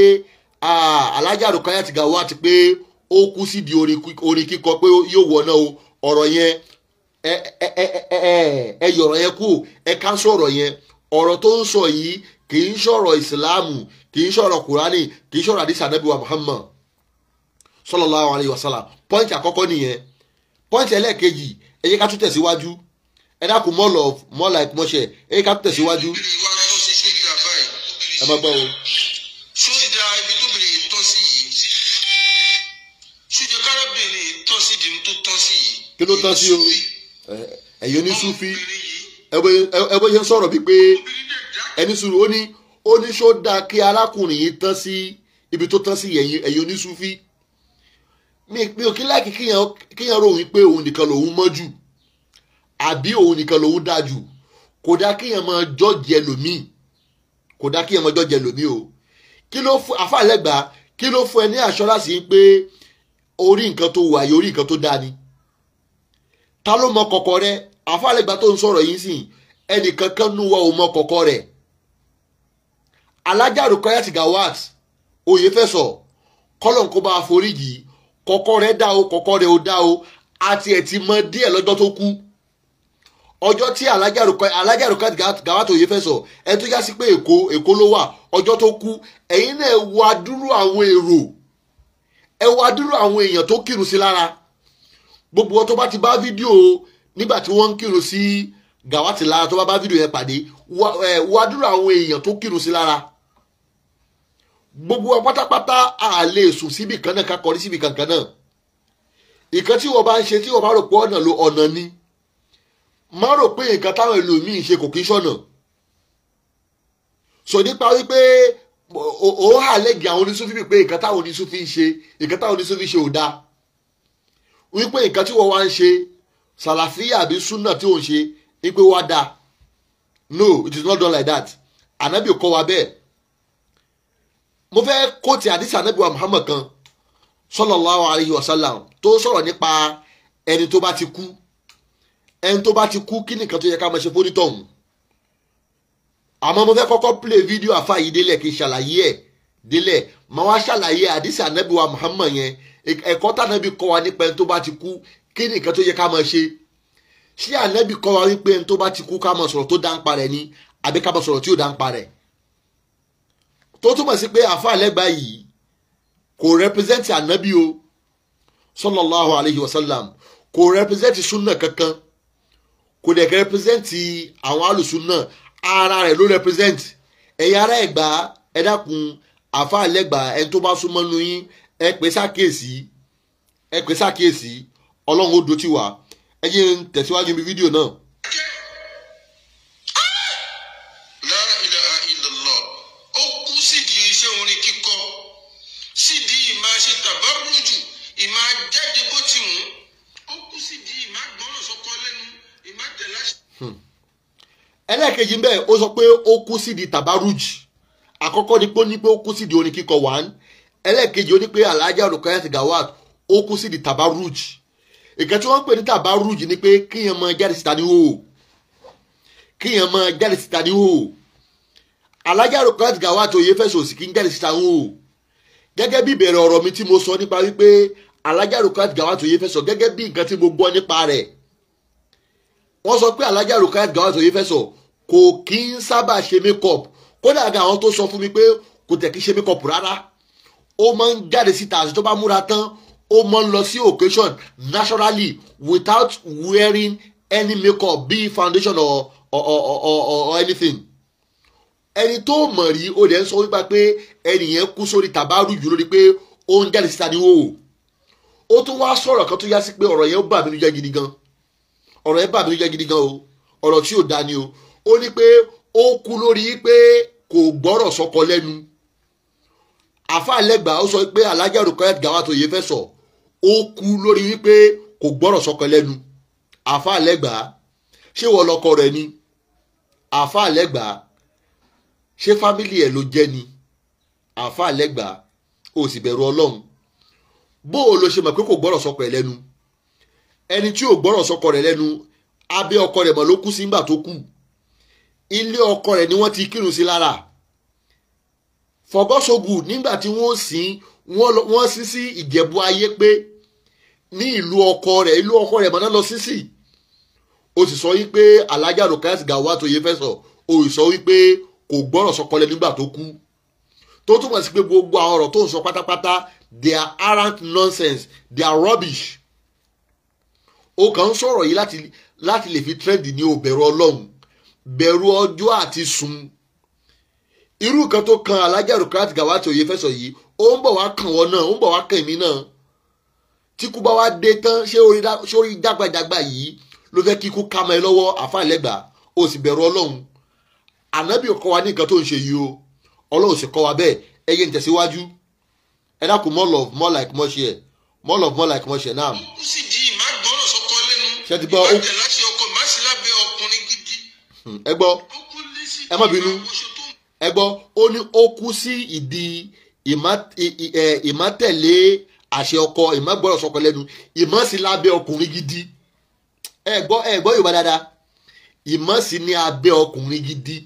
[SPEAKER 1] alájà rukayat gawato ti pé. So, ó kú sídìí orin kíkọ pé yóò wọná o ọ̀rọ̀ yẹn ẹ ẹ ẹ ẹ ẹ yọ̀rọ̀ yẹn kú ẹ ká sọ̀rọ̀ yẹn ọ̀rọ̀ tó ń sọ yìí kì í sọ̀rọ̀ ìsìláàmù kì í sọ̀rọ̀ kùránì kì í sọ̀rọ̀ àdìsá nàbí muhammad sallallahu alayhi wa sallam pọ́ǹtì àkọ́kọ́ nìyẹn pọ́ǹtì ẹlẹ́ẹ̀kejì ẹ jẹ́ ká tún tẹ̀síwájú ẹ dákun more love more like more share ẹ jẹ́ ká tún tẹ̀síwájú ẹ má gbọ́ o. di tó tán sí yìí. kí ló tán sí o ẹ̀yin oníṣúfì ẹ bó ṣe ń sọ̀rọ̀ bíi pé ẹni sùúrù ó ní ó ní ṣó dáa kí arákùnrin yìí tán sí ibi tó tán sí ẹ̀yin oníṣúfì mi ò kí láàkì kíyàn ròyìn pé òun nìkan lòun mọ́ jù àbí òun nìkan lòun dáa jù kò dá kíyàn máa jọ́jẹ lòmíì kò dá kíyàn máa jọ́jẹ lòmíì o kí ló fún àfàlẹ́gbàá kí ló fún ẹ ní àṣọ́ráṣí pé orí nǹkan tó wù àyè orí nǹkan tó dáa ni ta ló mọ kọ̀kọ̀ rẹ àfàlẹ́gbà tó ń sọ̀rọ̀ yìí sìn ẹnìkankan nu wa ò mọ kọ̀kọ̀ rẹ̀ alájà Rukayat Gawat Oyefeso kọ́lọ̀ kó bá a foríjì kọ̀kọ̀ rẹ̀ dá o kọ̀kọ̀ rẹ̀ ò dá o àti ẹ̀ ti mọ díẹ̀ lọ́jọ́ tó kú ọjọ́ tí alájà Rukayat Gawat Oyefeso ẹ tó yá sí pé Èkó Èkó ló wà ọjọ́ tó kú ẹ̀yin náà wá dúró àwọn èrò ẹ wá dúró àwọn èèyàn tó kírun sí lára gbogbo wọn tó bá ti bá fídíò nígbà tí wọ́n ń kírun sí gàwátì lára tó bá bá fídíò yẹn pàdé wá dúró àwọn èèyàn tó kírun sí lára gbogbo wa pátápátá a lè sùn síbi kan náà ká síbi kankan náà ìkan tí wọ́n bá ń ṣe tí wọ́n bá rò pé ọ̀nà ló ọ̀nà ni má rò pé nǹkan táwọn ẹlòmíín ṣe kò kí ń ṣọ̀nà sọ nípa wípé ó hà lẹ́gì àwọn onísúfì bíi pé nǹkan táwọn onísúfì ń ṣe nǹkan táwọn onísúfì ṣe ò dáa wípé nǹkan tí wọ́n wá ń ṣe sàlàfíà àbí súnà tí ò ṣe wípé wá dáa no it is not done like that ànábì kọ́ wa bẹ́ẹ̀ mo fẹ́ kóòtù àdìsí ànábì wa Muhammad kan sallallahu alayhi wa sallam tó sọ̀rọ̀ nípa ẹni tó bá ti kú ẹni tó bá ti kú kí nìkan tó yẹ ká máa ṣe fónítọ̀hún àmọ́ mo fẹ́ kọ́kọ́ play video àfa yìí délẹ̀ kí n ṣàlàyé ẹ̀ délẹ̀ màá wá ṣàlàyé àdìsí ànábì wa Muhammad yẹn ẹ̀kọ́ tànábì kọ́ wa nípa ẹni tó bá ti kú kí ni nǹkan tó yẹ ká máa ṣe ṣé ànábì kọ́ wa wípé ẹni tó bá ti kú ká máa sọ̀rọ̀ tó dá ń parẹ́ ni àbí ká máa sọ̀rọ̀ tí ò dá ń parẹ́ tó túmọ̀ sí pé àfa àlẹ́gbà yìí kò represent ànábì o sallallahu alayhi wa sallam kò represent sunna kankan kò dẹ̀ represent àwọn alùsùn náà ara rẹ̀ ló represent ẹ̀yin ará ẹ̀gbá ẹ dákun àfáà lẹ́gbàá ẹni tó bá súnmọ́ nu yín ẹ pè sákèsí ẹ pè sákèsí ọlọ́run ó dotí wa ẹ yé ń tẹ̀síwájú mi fídíò náà. ẹlẹ́ẹ̀kejì ń bẹ̀ ó sọ pé ó kú sídìí tabaruj àkọ́kọ́ ni pé ó ní pé ó kú sídìí orin kíkọ one ẹlẹ́ẹ̀kejì ó ní pé alhaja Rukayat Gawat ó kú sídìí tabaruj ìkẹ́ tí wọ́n pè ní tabaruj ni pé kíyàn máa jáde síta ní hò kíyàn máa jáde síta ní hò alhaja Rukayat Gawat òye fẹ̀sọ̀ sí kí n jáde síta ń hò gẹ́gẹ́ bí ìbẹ̀rẹ̀ ọ̀rọ̀ mi tí mo sọ nípa wípé alhaja Rukayat Gawat òye fẹ̀sọ̀ kò kí ń sábà ṣe makeup kódà gan àwọn tó sọ fún mi pé kò tẹ̀ kí ṣe makeup rárá ó máa ń jáde síta àti tó bá múra tán ó máa ń lọ sí occasion naturally without wearing any makeup be foundation or or or or, or anything ẹni tó mọ̀ rí ó dẹ̀ ń sọ wípé pé ẹni yẹn kú sórí tàbárù jù lórí pé ó ń jáde síta ní wòwò ó tún wá sọ̀rọ̀ kan tó yá sí pé ọ̀rọ̀ yẹn bà mí nínú jẹ́ gidi gan ọ̀rọ̀ yẹn bà mí nínú jẹ́ gidi gan o ọ̀rọ̀ tí ò da ni o ó ní pé ó kú lórí pé kò gbọ́rọ̀ sọ́kọ lẹ́nu àfa lẹ́gbàá ó sọ pé alájà Rukayat Gawat Oyefeso sọ ó kú lórí wípé kò gbọ́rọ̀ sọ́kọ lẹ́nu àfa lẹ́gbàá ṣé wọ́n lọ́kọ rẹ̀ ni àfa lẹ́gbàá ṣé fámìlì ẹ̀ ló jẹ́ ni àfa lẹ́gbàá ó sì bẹ̀rù ọlọ́run bó o lo ṣe mọ̀ pé kò gbọ́rọ̀ sọ́kọ ẹ̀ lẹ́nu ẹni tí ò gbọ́rọ̀ sọ́kọ rẹ̀ lẹ́nu abẹ́ ọkọ rẹ̀ mọ̀ ló kú sí nígbà tó kù ilé ọkọ rẹ̀ ni wọ́n ti kírun sí lára for God so good nígbà tí wọ́n sin wọ́n sin sí ìjẹ̀bú ayé pé ní ìlú ọkọ rẹ̀ ìlú ọkọ rẹ̀ mọ̀nà lọ sí sí o sì sọ yí pé alájà Rukayat Gawat Oyefeso o sì sọ wípé kò gbọ́rọ̀ sọkọlẹ̀ nígbà tó kú tó túmọ̀ sí pé gbogbo àwọn ọ̀rọ̀ tó ń sọ pátápátá they are arrant nonsense they are rubbish o kàn ń sọ̀rọ̀ yìí láti lè fi trend ní o bẹ̀rù Ọlọ́run bẹ̀rù ọjọ́ àti sùn irú kan tó kan Alhaja Rukayat Gawat Oyefeso yìí ó ń bọ̀ wá kàn wọ́n náà ó ń bọ̀ wá kàn mí náà tí kú bá wá dé tán ṣé orí dàgbàdàgbà yìí ló fẹ́ kí kú ká mọ́ lọ́wọ́ àfàlẹ́gbà ó sì bẹ̀rù ọlọ́run ànábì kọ́ wa ní nǹkan tó ń ṣe yìí o ọlọ́run sì kọ́ wa bẹ́ẹ̀ ẹ yé ń tẹ̀síwájú ẹ dákun more love more like more share more love more like more share náà. ó sì di ìmágbọ́rọ̀ Hmm, ẹ gbọ́ ẹ má bínú ẹ gbọ́ ó ní ó kú sí ìdí ìmọ̀tẹ̀lé àṣẹ ọkọ ìmọ̀gbọ́rọ̀ sọkọ lẹ́nu ìmọ̀sí lábẹ́ ọkùnrin gidi ẹ gbọ́ ẹ gbọ́ yorùbá dáadáa ìmọ̀sí ní abẹ́ ọkùnrin gidi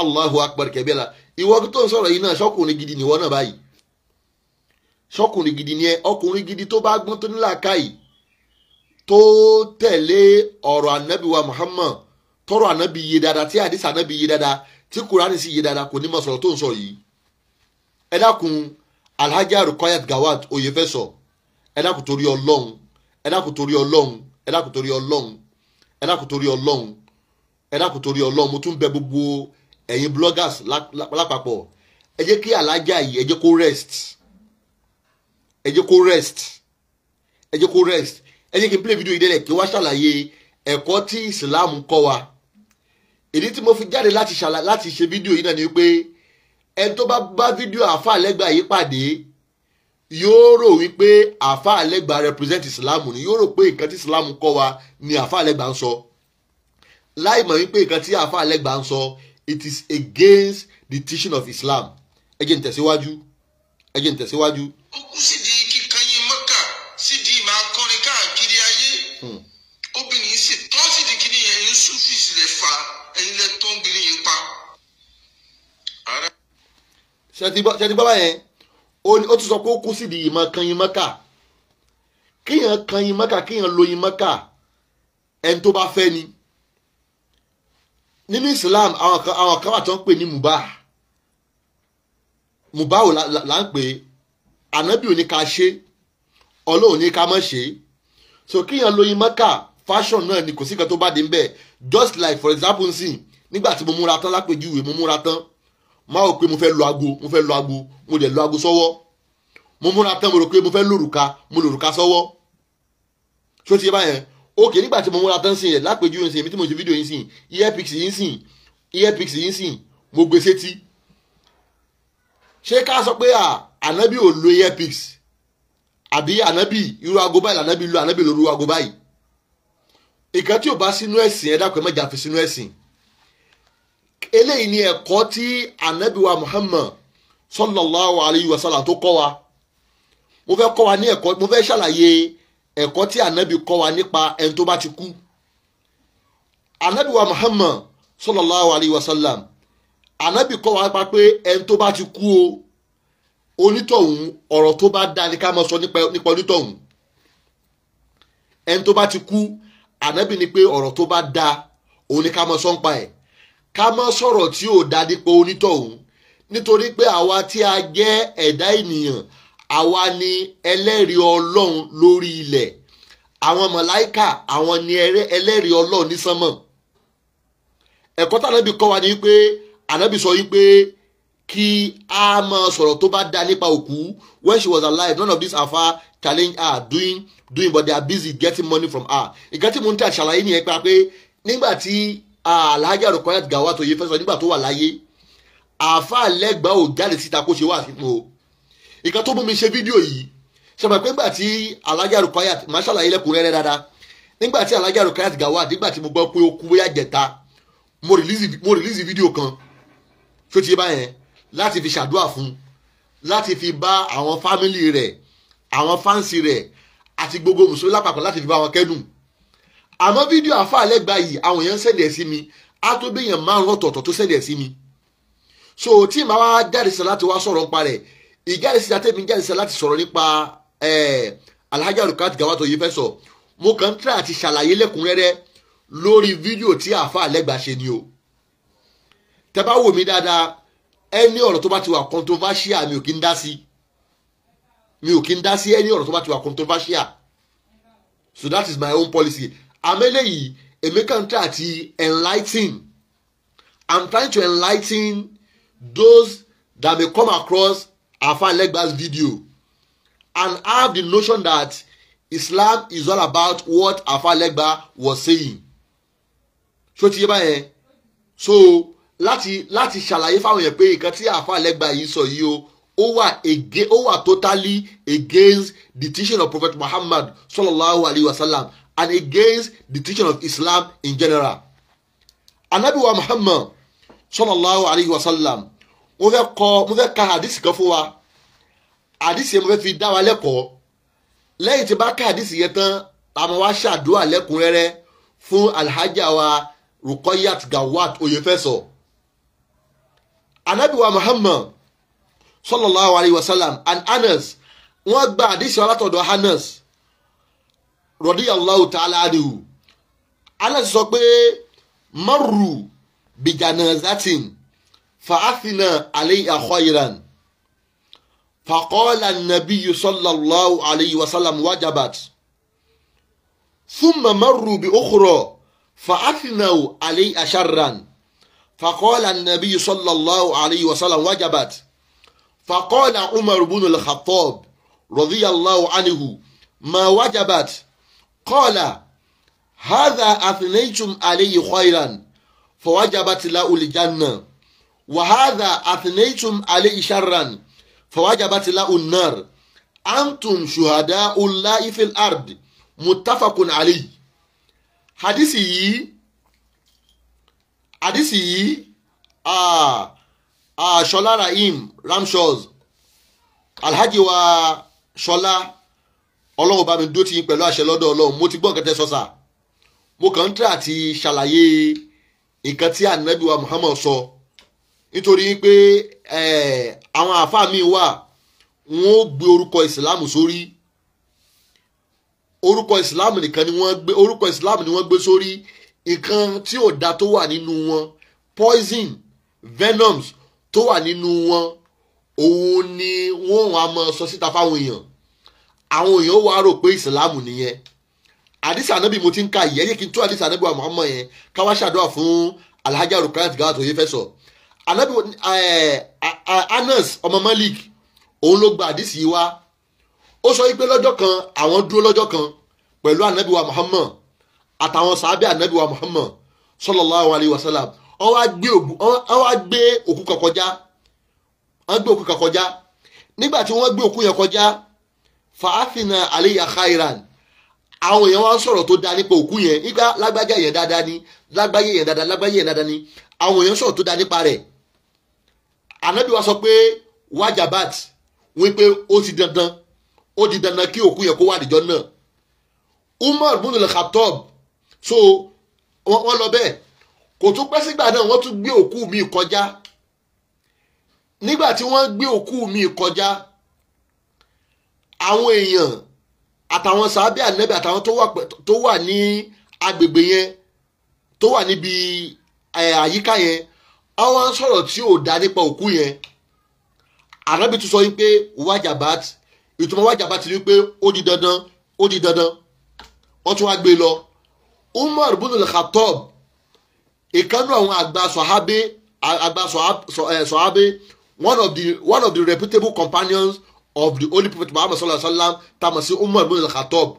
[SPEAKER 1] allahu akbar kẹbíyàlá ìwọ tó ń sọ̀rọ̀ yìí náà sọkùnrin gidi nìwọ náà báyìí sọkùnrin gidi ni ẹ ọkùnrin gidi tó bá gbọ́n tó ní làákàyè tó tẹ̀lé ọ̀rọ̀ ànábì muhammad tọrọ ànábì yé dáadáa tí àdìsí ànábì yé dáadáa tí kuraani si yé dáadáa kò ní máa sọ̀rọ̀ tó ń sọ yìí ẹ alhaja rukayat gawat oyefẹsọ ẹ dákun torí Ọlọ́run ẹ dákun torí Ọlọ́run ẹ dákun torí Ọlọ́run ẹ dákun torí Ọlọ́run ẹ dákun torí Ọlọ́run mo tún bẹ̀ gbogbo ẹ̀yin bloggers lápapọ̀ ẹ jẹ́ kí alhaja yìí ẹ jẹ́ kó rest ẹ jẹ́ kó rest ẹ jẹ́ kó rest ẹ jẹ́ kí n play video yìí délẹ̀ kí wá ṣàlàyé ẹ̀kọ́ tí Islam kọ́ wa ìdí tí mo fi jáde láti ṣàlà láti ṣe fídíò yìí náà ni pé ẹni tó bá bá fídíò àfa àlẹ́gbà yìí pàdé yóò rò wípé àfa àlẹ́gbà represent islam ni yóò rò pé nǹkan tí islam kọ́ wa ni àfa àlẹ́gbà ń sọ láì mọ̀ wípé nǹkan tí àfa àlẹ́gbà ń sọ it is against the teaching of islam ẹ jẹ́ n tẹ̀síwájú ẹ jẹ́ n tẹ̀síwájú. ó kú sí di kíkọ́. ṣe ti gbọ́ báyẹn ó tún sọ pé ó kú sídìí ìmọ̀ kan ìmọ̀ kà kíyàn kan ìmọ̀ kà kíyàn lo ìmọ̀ kà ẹni tó bá fẹ́ ni nínú Islam àwọn kan àwọn kan wà tó ń pè ní mubah mubah ò là ń pè ànábì ò ní ká ṣe ọlọ́run ní ká má ṣe so kíyàn lo ìmọ̀ kà fashion náà ni kò sí kan tó bá dé ń bẹ̀ just like for example nsìn nígbà tí mo múra tán lápèjúwe mo múra tán má o pé mo fẹ́ lo aago mo fẹ́ lo aago mo dẹ̀ lo aago sọ́wọ́ mo múra tán mo rò pé mo fẹ́ lòrùka mo lòrùka sọ́wọ́ ṣó ti yẹ báyẹn ok nígbà tí mo múra tán sìn yẹn lápèjú yẹn sìn èmi tí mo ṣe fídíò yẹn sìn earpics yẹn sìn earpics yẹn sìn mo gbé sétí ṣé ká sọ pé ànábì ò lo earpics àbí ànábì irú aago báyìí lànábì lo ànábì lóru aago báyìí ìkan tí ò bá sínú ẹ̀sìn ẹ̀dá pẹ̀mẹ́jà fi sínú ẹ̀sìn eléyìí ni ẹ̀kọ́ tí anabiwa muhammad sallallahu alayhi wa sallam tó kọ́ wa mo fẹ́ kọ́ wa ní ẹ̀kọ́ mo fẹ́ ṣàlàyé ẹ̀kọ́ tí anabi kọ́ wa nípa ẹni tó bá ti kú anabiwa muhammad sallallahu alayhi wa sallam anabi kọ́ wa nípa pé ẹni tó bá ti kú o onítọ̀hún ọ̀rọ̀ tó bá dá ni ká máa sọ nípa onítọ̀hún ẹni tó bá ti kú anabi ni pé ọ̀rọ̀ tó bá dá òun ni ká máa sọ ẹ̀ ká má sọ̀rọ̀ tí ò dadípò onítọ̀hún nítorí pé àwa tí a jẹ́ ẹ̀dá ènìyàn àwa ni ẹlẹ́rìí ọlọ́run lórí ilẹ̀ àwọn mọ̀láìkà àwọn ni ẹlẹ́rìí ọlọ́run ní sánmọ̀ ẹ̀kọ́ tànàbí kọ́ wa ni pé ànábì sọ wípé kí a máa sọ̀rọ̀ tó bá da nípa òkú when she was alive none of this affair challenge her doing doing but they are busy getting money from her ìgbà tí mo ń tẹ̀ àṣàlàyé nìyẹn pé nígbà tí alhaja Rukayat Gawat Oyefeso nígbà tó wà láyé àáfàá lẹ́gbàá ò jáde síta kó ṣe wá àfihàn o ìkan tó mú mi ṣe fídíò yìí ṣàmì pé nígbà tí alhaja Rukayat máa ṣàlàyé lẹ́kùnrẹ́rẹ́ dáadáa nígbà tí alhaja Rukayat Gawat nígbà tí mo gbọ́ pé ó kú bóyá jẹ̀ta mo rìlíìsì fídíò kan tó ti báyẹn láti fi ṣàdúrà fún láti fi bá àwọn fámìlì rẹ̀ àwọn fáǹsì rẹ̀ àti gbogbo mùsùlùmí lápapọ̀ láti fi bá wọn kẹ́dùn àmọ́ fídíò àfàlẹ́gbà yìí àwọn èèyàn ń sẹ̀dẹ̀ sí mi á tó béèyàn márùn ọ̀tọ̀ọ̀tọ̀ tó sẹ̀dẹ̀ sí mi so tí màá wá jáde sí láti wá sọ̀rọ̀ nípa rẹ̀ ìjáde sí àtẹ̀mí jáde sí láti sọ̀rọ̀ nípa Alhaja Rukat Gawat Oyefeso mo kàn ń tẹ̀ àti ṣàlàyé lẹ́kùnrẹ́rẹ́ lórí fídíò tí àfàlẹ́gbà ṣe ni o tẹ́ bá wò mí dáadáa ẹni ọ̀rọ̀ tó bá ti wà controversial mi ò kí ń dá sí mi ò kí ń dá sí ẹni ọ̀rọ̀ tó bá ti wà controversial so that is my own policy àmẹ́lẹ́yìí èmi kàn try àti enlightening i'm trying to enlighten those that may come across afa legba's video and have the notion that islam is all about what afa legba was saying So ti yé báyẹn so láti láti ṣàlàyé fáwọn yẹn pé nǹkan tí afa legba yìí sọ yìí o ó wà again ó wà totally against the teaching of prophet muhammad sallallahu alayhi wa sallam and against the teaching of Islam in general. Anabi Muhammad sallallahu alaihi wasallam. sallam mo fẹ́ kọ mo fẹ́ ka hadisi kan fún wa hadisi yẹn mo fẹ́ fi dá wa lẹ́kọ̀ọ́ lẹ́yìn tí bá ka hadisi yẹn tán àmọ́ wa ṣàdúrà lẹ́kùnrẹ́rẹ́ fún alhaja wa Rukoyat Gawat Oyefeso. Anabi Muhammad sallallahu alaihi wasallam. and Anas wọ́n gba hadisi wa látọ̀dọ̀ Anas radiyallahu ta'ala anhu Allah sọ pé marru bi janazatin fa'athna alayha khayran faqala an-nabiyyu sallallahu alayhi wa sallam wajabat thumma marru bi ukhra عليه alayha فقال النبي صلى الله عليه وسلم وجبت فقال عمر بن الخطاب رضي الله عنه ما وجبت قال هذا أثنيتم عليه خيرا فوجبت له الجنة وهذا أثنيتم عليه شرا فوجبت له النار أنتم شهداء الله في الأرض متفق عليه hadisi yìí hadisi yìí ah, ah, Shola Raheem Ramshaws Alhaji wa Shola ọlọ́run bá mi dúró ti yín pẹ̀lú àṣẹ lọ́dọ̀ ọlọ́run mo ti gbọ́ nǹkan tẹ́ sọ sà mo kàn ń tẹ́ àti ṣàlàyé nǹkan tí ànábì wa Muhammad sọ nítorí pé àwọn àáfàá mi wà wọn gbé orúkọ ìsìláàmù sórí orúkọ ìsìláàmù nìkan ni wọ́n gbé orúkọ ìsìláàmù ni wọ́n gbé sórí nǹkan tí ò da tó wà nínú wọn poison venoms tó wà nínú wọn òun ni wọ́n á máa sọ síta fáwọn èèyàn àwọn èèyàn wá rò pé ìsìláàmù nìyẹn àdìsí ànábì mo ti ń ka yìí ẹ̀yẹ́ kí n tú àdìsí ànábì wa Muhammad yẹn káwá ṣàdúrà fún alhaji arukayat gato yìí fẹsọ̀ ànábì anas ọmọ malik òun ló gba àdìsí yìí wá ó sọ wípé lọ́jọ́ kan àwọn dúró lọ́jọ́ kan pẹ̀lú ànábì wa Muhammad àtàwọn sàábẹ́ ànábì wa Muhammad sallallahu alayhi wa sallam wọ́n wá gbé òkú kan kọjá wọ́n gbé òkú kan kọjá nígbà tí wọ́n gbé òkú yẹn kọjá fàáfìnà àlẹ́ àkàìràn àwọn èèyàn wá ń sọ̀rọ̀ tó da nípa òkú yẹn nígbà lágbájá yẹn dáadáa ni lágbáyé yẹn dáadáa lágbáyé yẹn dáadáa ni àwọn èèyàn sọ̀rọ̀ tó da nípa rẹ̀ ànábì wa sọ pé wajabat wípé ó ti dandan ó di dandan kí òkú yẹn kó wà níjọ náà Umar bin al so wọ́n lọ bẹ́ẹ̀ kò tún pẹ́ sígbà náà wọ́n tún gbé òkú mi kọjá nígbà tí wọ́n gbé òkú mi kọjá àwọn èèyàn àtàwọn sàábẹ́ ànẹ́bẹ́ àtàwọn tó wà ní agbègbè yẹn tó wà níbi àyíká yẹn àwọn sọ̀rọ̀ tí ò dá nípa òkú yẹn ànábì tún sọ wípé wájàbát ìtumọ̀ wájàbát ni wípé ó di dandan ó di dandan wọ́n tún wá gbé lọ Umar bin al-Khattab àwọn àgbà sọ̀hábé àgbà sọ̀hábé one of the one of the reputable companions of the holy prophet muhammad sallallahu alaihi wa sallam tamọ̀ sí umar ibn al-khattab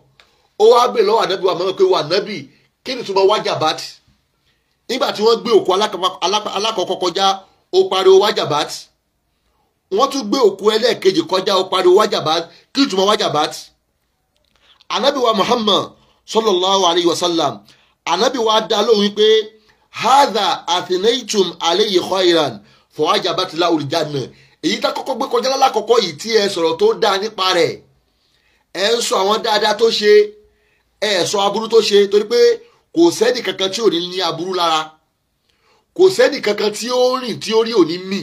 [SPEAKER 1] ó wá bè lọ́wọ́ ànábì wa mọ́ pé wà nábì kí ni túmọ̀ wajabat nígbà tí wọ́n gbé òkú alákọ̀ọ́kọ́ kọjá ó pariwo wajabat wọ́n tún gbé òkú ẹlẹ́ẹ̀kejì kọjá ó pariwo wajabat kí ni túmọ̀ wajabat ànábì wa muhammad sallallahu alayhi wa sallam ànábì wa dá lóhùn wípé hadha athinaytum alayhi khairan fa wajabat lahu al-jannah èyí tá kọ́kọ́ gbé kọjá lálákọ̀ọ́kọ́ yìí tí ẹ sọ̀rọ̀ tó dáa nípa rẹ̀ ẹ ń sọ àwọn dáadáa tó ṣe ẹ sọ aburú tó ṣe torí pé kò sẹ́ni kankan tí ò ní ní aburú lára kò sẹ́ni kankan tí ó rìn tí ó rí òní mì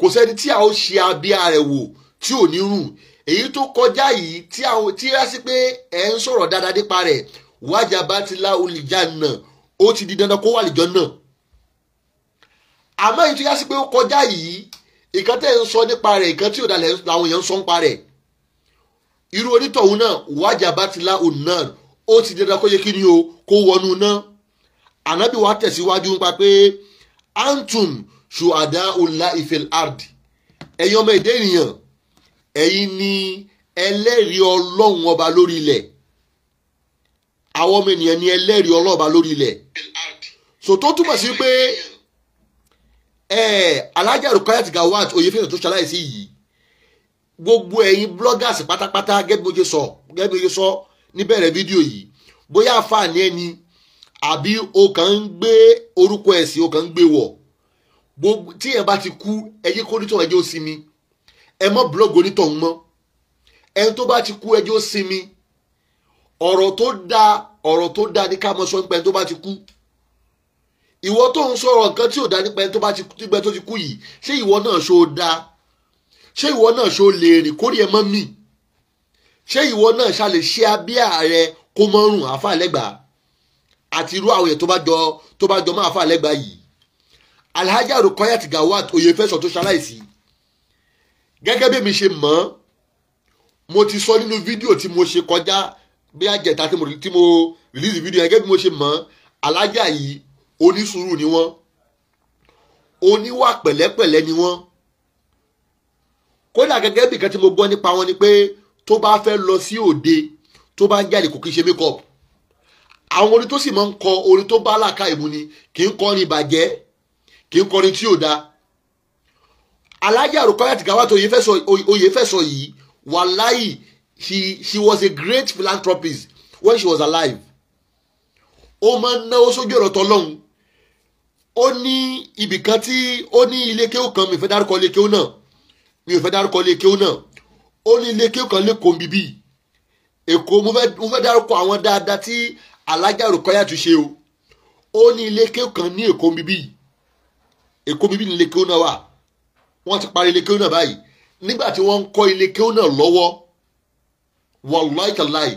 [SPEAKER 1] kò sẹ́ni tí a ó ṣe abíyá rẹ̀ wò tí ò ní rùn èyí tó kọjá yìí tí a ti rá sí pé ẹ ń sọ̀rọ̀ dáadáa nípa rẹ̀ wájà bá ti la olùjà náà ó ti di dandan kó wà lìjọ náà àmọ́ èyí tó yá sí pé ó kọjá yìí ìkan tẹ̀ ń sọ nípa rẹ̀ ìkan tí ò dalẹ̀ làwọn èèyàn ń sọ nípa rẹ̀ irú onítọ̀hún náà wájà bá ti la òun náà ó ti dandan kó yẹ kí ni o kó wọnú náà ànábì wa tẹ̀síwájú nípa pé antum ṣùhàdá ọ̀la ìfẹ̀l ard ẹ̀yin ọmọ èdè ènìyàn ẹ̀yin ni ẹlẹ́rìí ọlọ́run ọba lórí ilẹ̀ àwọn ọmọ ènìyàn ni ẹlẹ́rìí ọlọ́run lórí ilẹ̀ so tó túmọ̀ sí pé alájà Rukayat Gawat Oyefeso tó ṣaláìsí yìí gbogbo ẹ̀yin bloggers pátápátá gẹ́gẹ́ bó ṣe sọ gẹ́gẹ́ bó ṣe sọ níbẹ̀rẹ̀ fídíò yìí bóyá àǹfààní ẹni àbí o kàn ń gbé orúkọ ẹ̀sìn o kàn ń gbé wọ̀ gbogbo tí ẹ̀ bá ti kú ẹ̀yìn kó nítorí ẹjọ́ sinmi ẹ mọ́ blog onítọ̀hún mọ́ ẹni tó bá ti kú ẹjọ́ sinmi ọ̀rọ̀ tó dáa ọ̀rọ̀ tó dáa ní ká mọ́ sọ ẹni tó bá ti kú ìwọ tó ń sọ̀rọ̀ nǹkan tí ò dá nípa ẹni tó bá ti gbẹ tó ti kú yìí ṣé ìwọ náà ṣó dá ṣé ìwọ náà ṣó lè rìn kórè ẹ mọ́ mì ṣé ìwọ náà ṣá lè ṣe abíyà rẹ kó mọ́ rùn àáfà lẹ́gbàá àti irú àwọn èèyàn tó bá jọ tó bá jọ mọ́ àáfà lẹ́gbàá yìí Alhaja Rukayat Gawat Oyefeso tó ṣaláìsí gẹ́gẹ́ bí mi ṣe mọ̀ mo ti sọ nínú fídíò tí mo ṣe kọjá bí àjẹta tí mo release fídíò yẹn gẹ́gẹ́ bí mo ṣe mọ̀ alájà yìí onísùúrù ni wọ́n oníwà pẹ̀lẹ́pẹ̀lẹ́ ni wọ́n kódà gẹ́gẹ́ bí nǹkan tí mo gbọ́ nípa wọn ni pé tó bá fẹ́ lọ sí òde tó bá ń jáde kò kí ṣe makeup àwọn orin tó sì máa ń kọ orin tó bá làkà ìmú ni kì í kọrin ìbàjẹ́ kì í kọrin tí ò dáa alájà àròkọ yàtì káwá tó oyè fẹ́ sọ yìí wàláyì she she was a great philanthropist when she was alive ó máa ń náwó sójú ọ̀rọ̀ tọ́lọ́hún ó ní ibìkan tí ó ní ilé kéwù kan mi ò fẹ́ dárúkọ ilé kéwù náà mi ò fẹ́ dárúkọ ilé kéwù náà ó ní ilé kéwù kan lẹ́kọ̀ọ́ bíbí èkó mo fẹ́ mo fẹ́ dárúkọ àwọn dáadáa tí alájà rúkọ́yà tún ṣe o ó ní ilé kéwù kan ní èkó bíbí èkó bíbí ní ilé kéwù náà wà wọ́n ti parí ilé kéwù náà báyìí nígbà tí wọ́n ń kọ́ ilé kéwù náà lọ́wọ́ wàlúwàì tàláì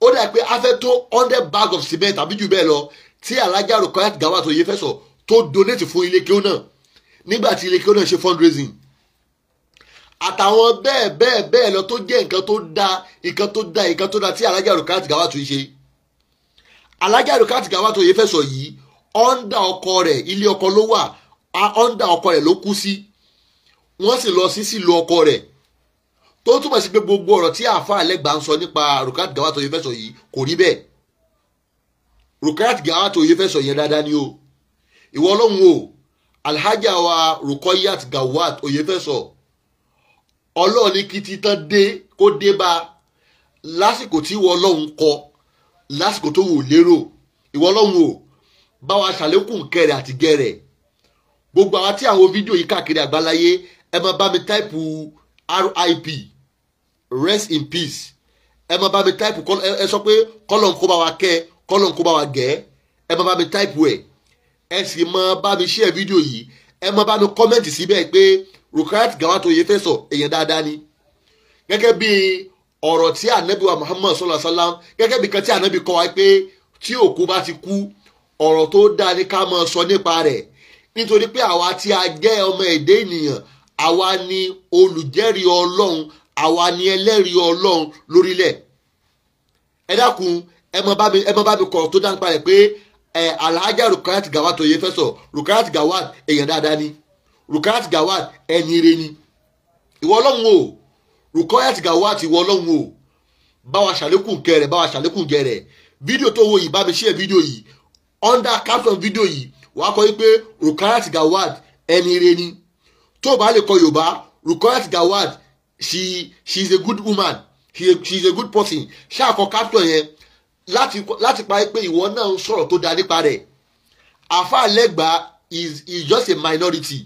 [SPEAKER 1] ó dà pé a fẹ́ tó hundred bags of cement àbí jù bẹ́ẹ̀ lọ tí alájà rúkọ́yà gàwá tó yẹ fẹ́ sọ tó donate fún ilé kí ó náà nígbà tí ilé kí ó náà ṣe fundraising àtàwọn bẹ́ẹ̀ bẹ́ẹ̀ bẹ́ẹ̀ lọ tó jẹ́ nǹkan tó da nǹkan tó da nǹkan tó da tí alájà Rukayat Gawatu ṣe alájà Rukayat Gawatu yìí fẹ́ sọ yìí ọ́ndà ọkọ rẹ̀ ilé ọkọ ló wà ọ́ndà ọkọ rẹ̀ ló kú sí wọ́n sì lọ sí sílùú ọkọ rẹ̀ tó túmọ̀ sí pé gbogbo ọ̀rọ̀ tí àáfà Legba ń sọ nípa Rukayat Gawatu yìí fẹ́ yìí kò rí bẹ́ẹ̀ Rukayat Gawatu yìí fẹ́ yẹn dáadáa ni o ìwọ ọlọ́run o alhaja wa rukoyat gawat oyefeso, ọlọ́run ní kí títán dé kó dé bá lásìkò tí ìwọ ọlọ́run kọ lásìkò tó wò lérò ìwọ ọlọ́run o bá wa ṣàlékún kẹrẹ àti gẹrẹ gbogbo àwa tí àwọn fídíò yìí káàkiri àgbáláyé ẹ máa bá mi táìpù RIP rest in peace ẹ máa bá mi táìpù ẹ sọ pé kọ́lọ̀ ń kó bá wa kẹ́ kọ́lọ̀ ń kó bá wa gẹ́ ẹ máa bá mi táìpù ẹ̀ ẹ sì máa bá mi share fídíò yìí ẹ máa bá mi kọ́mẹ́ǹtì síbẹ̀ pé Rukayat Gawat Oyefeso èèyàn dáadáa ni gẹ́gẹ́ bí ọ̀rọ̀ tí ànábì wa Muhammad sallallahu alayhi wa sallam gẹ́gẹ́ bí kan tí ànábì kọ́ wa pé tí òkú bá ti kú ọ̀rọ̀ tó dáa ni ká máa sọ nípa rẹ̀ nítorí pé àwa tí a jẹ́ ọmọ èdè ènìyàn àwa ni olùjẹ́rìí ọlọ́run àwa ni ẹlẹ́rìí ọlọ́run lórílẹ̀ ẹ dákun ẹ mọ bá mi ẹ mọ bá mi rẹ̀ pé ẹ alhaja rukayat gawat oyè fẹ́ rukayat gawat èèyàn dáadáa ni rukayat gawat ẹni ire ni ìwọ ọlọ́run o rukayat gawat ìwọ ọlọ́run o báwa ṣàlékún kẹ rẹ báwa ṣàlékún jẹ rẹ fídíò tó wo yìí bá mi share fídíò yìí under caption fídíò yìí wàá kọ wípé rukayat gawat ẹni ire ni tó o bá lè kọ yorùbá rukayat gawat she she is a good woman she, she is a good person ṣáà kọ caption yẹn láti láti parí pé ìwọ náà ń sọ̀rọ̀ tó da nípa rẹ̀ àfáà lẹ́gbàá is is just a minority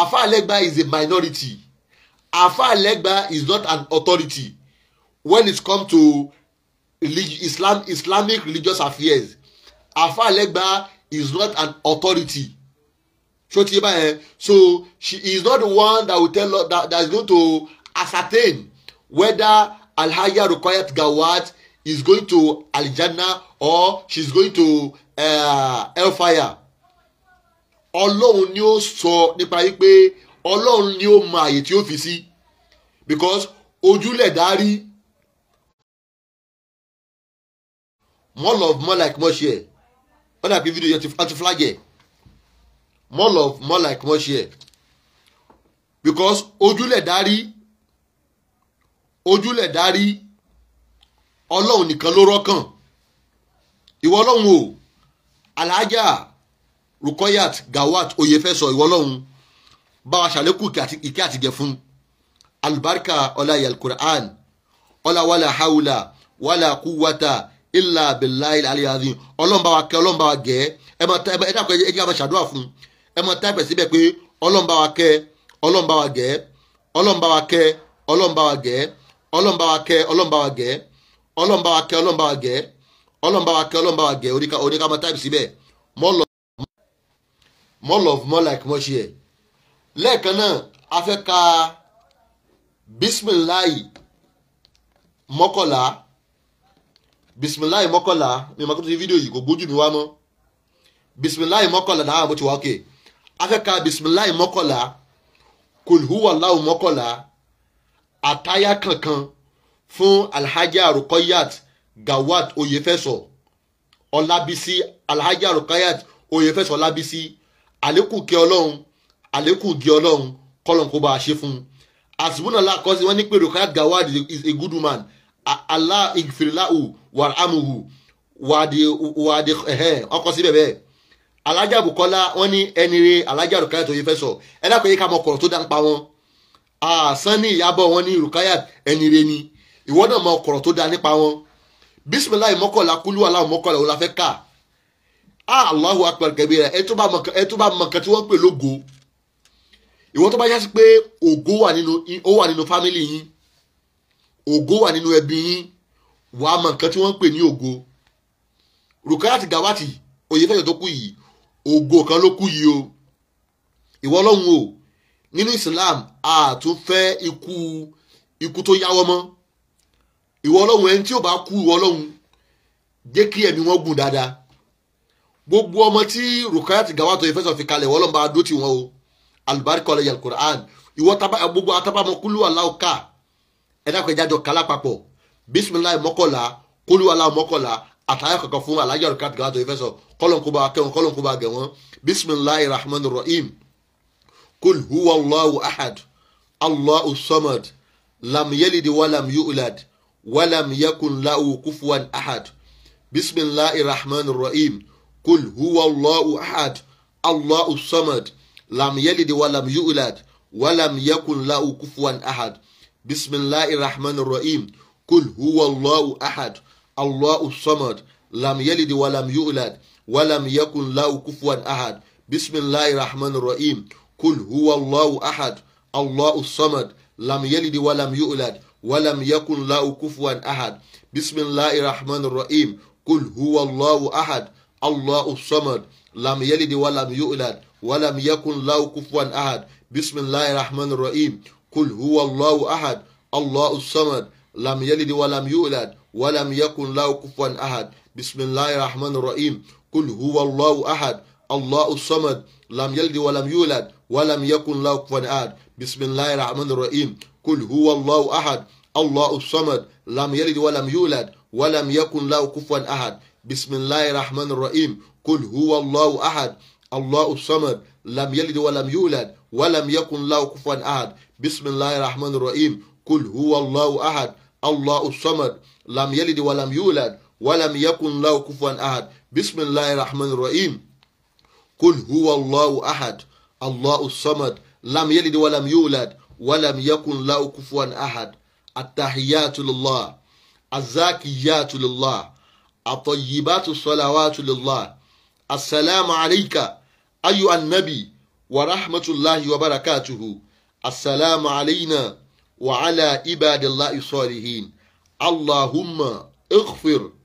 [SPEAKER 1] àfáà lẹ́gbàá is a minority àfáà lẹ́gbàá is not an authority when it come to Islam Islamic religious affairs àfáà lẹ́gbàá is not an authority so ti báyẹn so she is not the one that will tell us that that is going to ascertain whether alhaya required gawat is going to aljanna or she is going to uh, hellfire ọlọ́run ni ó sọ nípa yìí pé ọlọ́run ni ó mọ àyè tí ó fi sí because ojúlẹ̀ dárí more love more like more share wọ́n dàbí fídíò yẹn ti flag ẹ̀ more love more like more share because ojúlẹ̀ dárí ojúlẹ̀ dárí ọlọ́run nìkan ló rọ́kàn ìwọ ọlọ́run o alhaja rukoyat gawat oyefeso ìwọ ọlọ́run bá wa ṣàlékún ìkẹ́ àtìgẹ̀ fún alubarika ọláyà alukur'an ọláwàlà haula wàlà kúwàtà ilà abdullahi aliyazi ọlọ́run bá wa kẹ́ ọlọ́run bá wa gẹ́ ẹ máa ẹ dàpọ̀ ẹ jẹ́ ká máa ṣàdúrà fún ẹ máa táìpẹ̀ síbẹ̀ pé ọlọ́run bá wa kẹ́ ọlọ́run bá wa gẹ́ ọlọ́run bá wa kẹ́ ọlọ́run bá wa gẹ́ ọlọ́run bá wa kẹ́ ọlọ́run bá wa gẹ́ ọlọ́run bá wa kẹ́ ọlọ́run bá wa ka, ọlọ́run bá wa kẹ́ more love more love more like more share lẹ́ẹ̀kan náà a fẹ́ ka bisimilayi mọ́kànlá bisimilayi mọ́kànlá mi máa kó tó ti fídíò yìí kò gbójú mi wá mọ́ bisimilayi mọ́kànlá Mokola. àbótiwá òkè a fẹ́ ka bisimilayi mọ́kànlá kòlùhùwà láwù mọ́kànlá kankan fún alhaja rukayat gawat oyefeso ọlábísí alhaja rukayat oyefeso ọlábísí àlékù kí ọlọ́run àlékù gí ọlọ́run kọlọ̀ kó bá a ṣe fún un àsìbúnàlá kọ́sí wọ́n ní pé rukayat gawat is a good woman allah igfirilahu warhamuhu wàdí wàdí ẹ̀hẹ́ ọkọ sí bẹ̀bẹ̀ alhaja bukola wọ́n ní ẹni re alhaja rukayat oyefẹsọ ẹ dákọ̀ yìí ká mọ̀ kọ̀rọ̀ tó dá ń pa wọn àsán ní ìyàbọ̀ wọn ní rukayat ẹni ni ìwọ náà máa kọ̀rọ̀ tó dáa nípa wọn bisimilayi mọ́kànlá kúlú aláwọ̀ mọ́kànlá wọn la fẹ́ kà á Allahu akbar kabira ẹ tó bá mọ nǹkan tí wọ́n pè lógo ìwọ tó bá yá sí pé ògo wà nínú ó wà nínú fámìlì yín ògo wà nínú ẹbí yín wà á mọ nǹkan tí wọ́n pè ní ògo Rukayat Gawat Oyefeso tó kú yìí ògo kan ló kú yìí o ìwọ ọlọ́run o nínú Islam a tún fẹ́ ikú ikú tó yáwọ́ mọ́ ìwọ ọlọ́run ẹni tí ò bá kú ìwọ ọlọ́run jẹ́ kí ẹ̀mí wọn gùn dáadáa gbogbo ọmọ tí Rukayat Gawat Oyefeso fi kalẹ̀ ìwọ ọlọ́run bá a dó tiwọn o alubarika ọlẹ́yà alukur'an ìwọ gbogbo atábàmọ́kúlù aláwọ̀ká ẹ̀dá kẹjájọ kálá papọ̀ bisimilayi mọ́kànlá kólú aláwọ̀ mọ́kànlá àtàyà kankan fún alájà Rukayat Gawat Oyefeso kọ́lọ̀nkóba akẹ́wọn kọ́lọ̀nkóba agẹ̀wọ́n bisimilayi rahman rahim kul huwa allahu ahad allahu samad lam yelidi wa lam yu'lad ولم يكن له كفوا أحد بسم الله الرحمن الرحيم قل هو الله أحد الله الصمد لم يلد ولم يولد ولم يكن له كفوا أحد بسم الله الرحمن الرحيم قل هو الله أحد الله الصمد لم يلد ولم يولد ولم يكن له كفوا أحد بسم الله الرحمن الرحيم قل هو الله أحد الله الصمد لم يلد ولم يولد ولم يكن له كفوا أحد بسم الله الرحمن الرحيم قل هو الله أحد الله الصمد لم يلد ولم يولد ولم يكن له كفوا أحد بسم الله الرحمن الرحيم قل هو الله أحد الله الصمد لم يلد ولم يولد ولم يكن له كفوا أحد بسم الله الرحمن الرحيم قل هو الله أحد الله الصمد لم يلد ولم يولد ولم يكن له كفوا أحد بسم الله الرحمن الرحيم قل هو الله أحد الله الصمد لم يلد ولم يولد ولم يكن له كفوا أحد بسم الله الرحمن الرحيم قل هو الله أحد الله الصمد لم يلد ولم يولد ولم يكن له كفوا أحد بسم الله الرحمن الرحيم قل هو الله أحد الله الصمد لم يلد ولم يولد ولم يكن له كفوا أحد بسم الله الرحمن الرحيم قل هو الله أحد الله الصمد لم يلد ولم يولد ولم يكن له كفوا أحد التحيات لله الزاكيات لله الطيبات الصلوات لله السلام عليك أيها النبي ورحمة الله وبركاته السلام علينا وعلى عباد الله الصالحين اللهم اغفر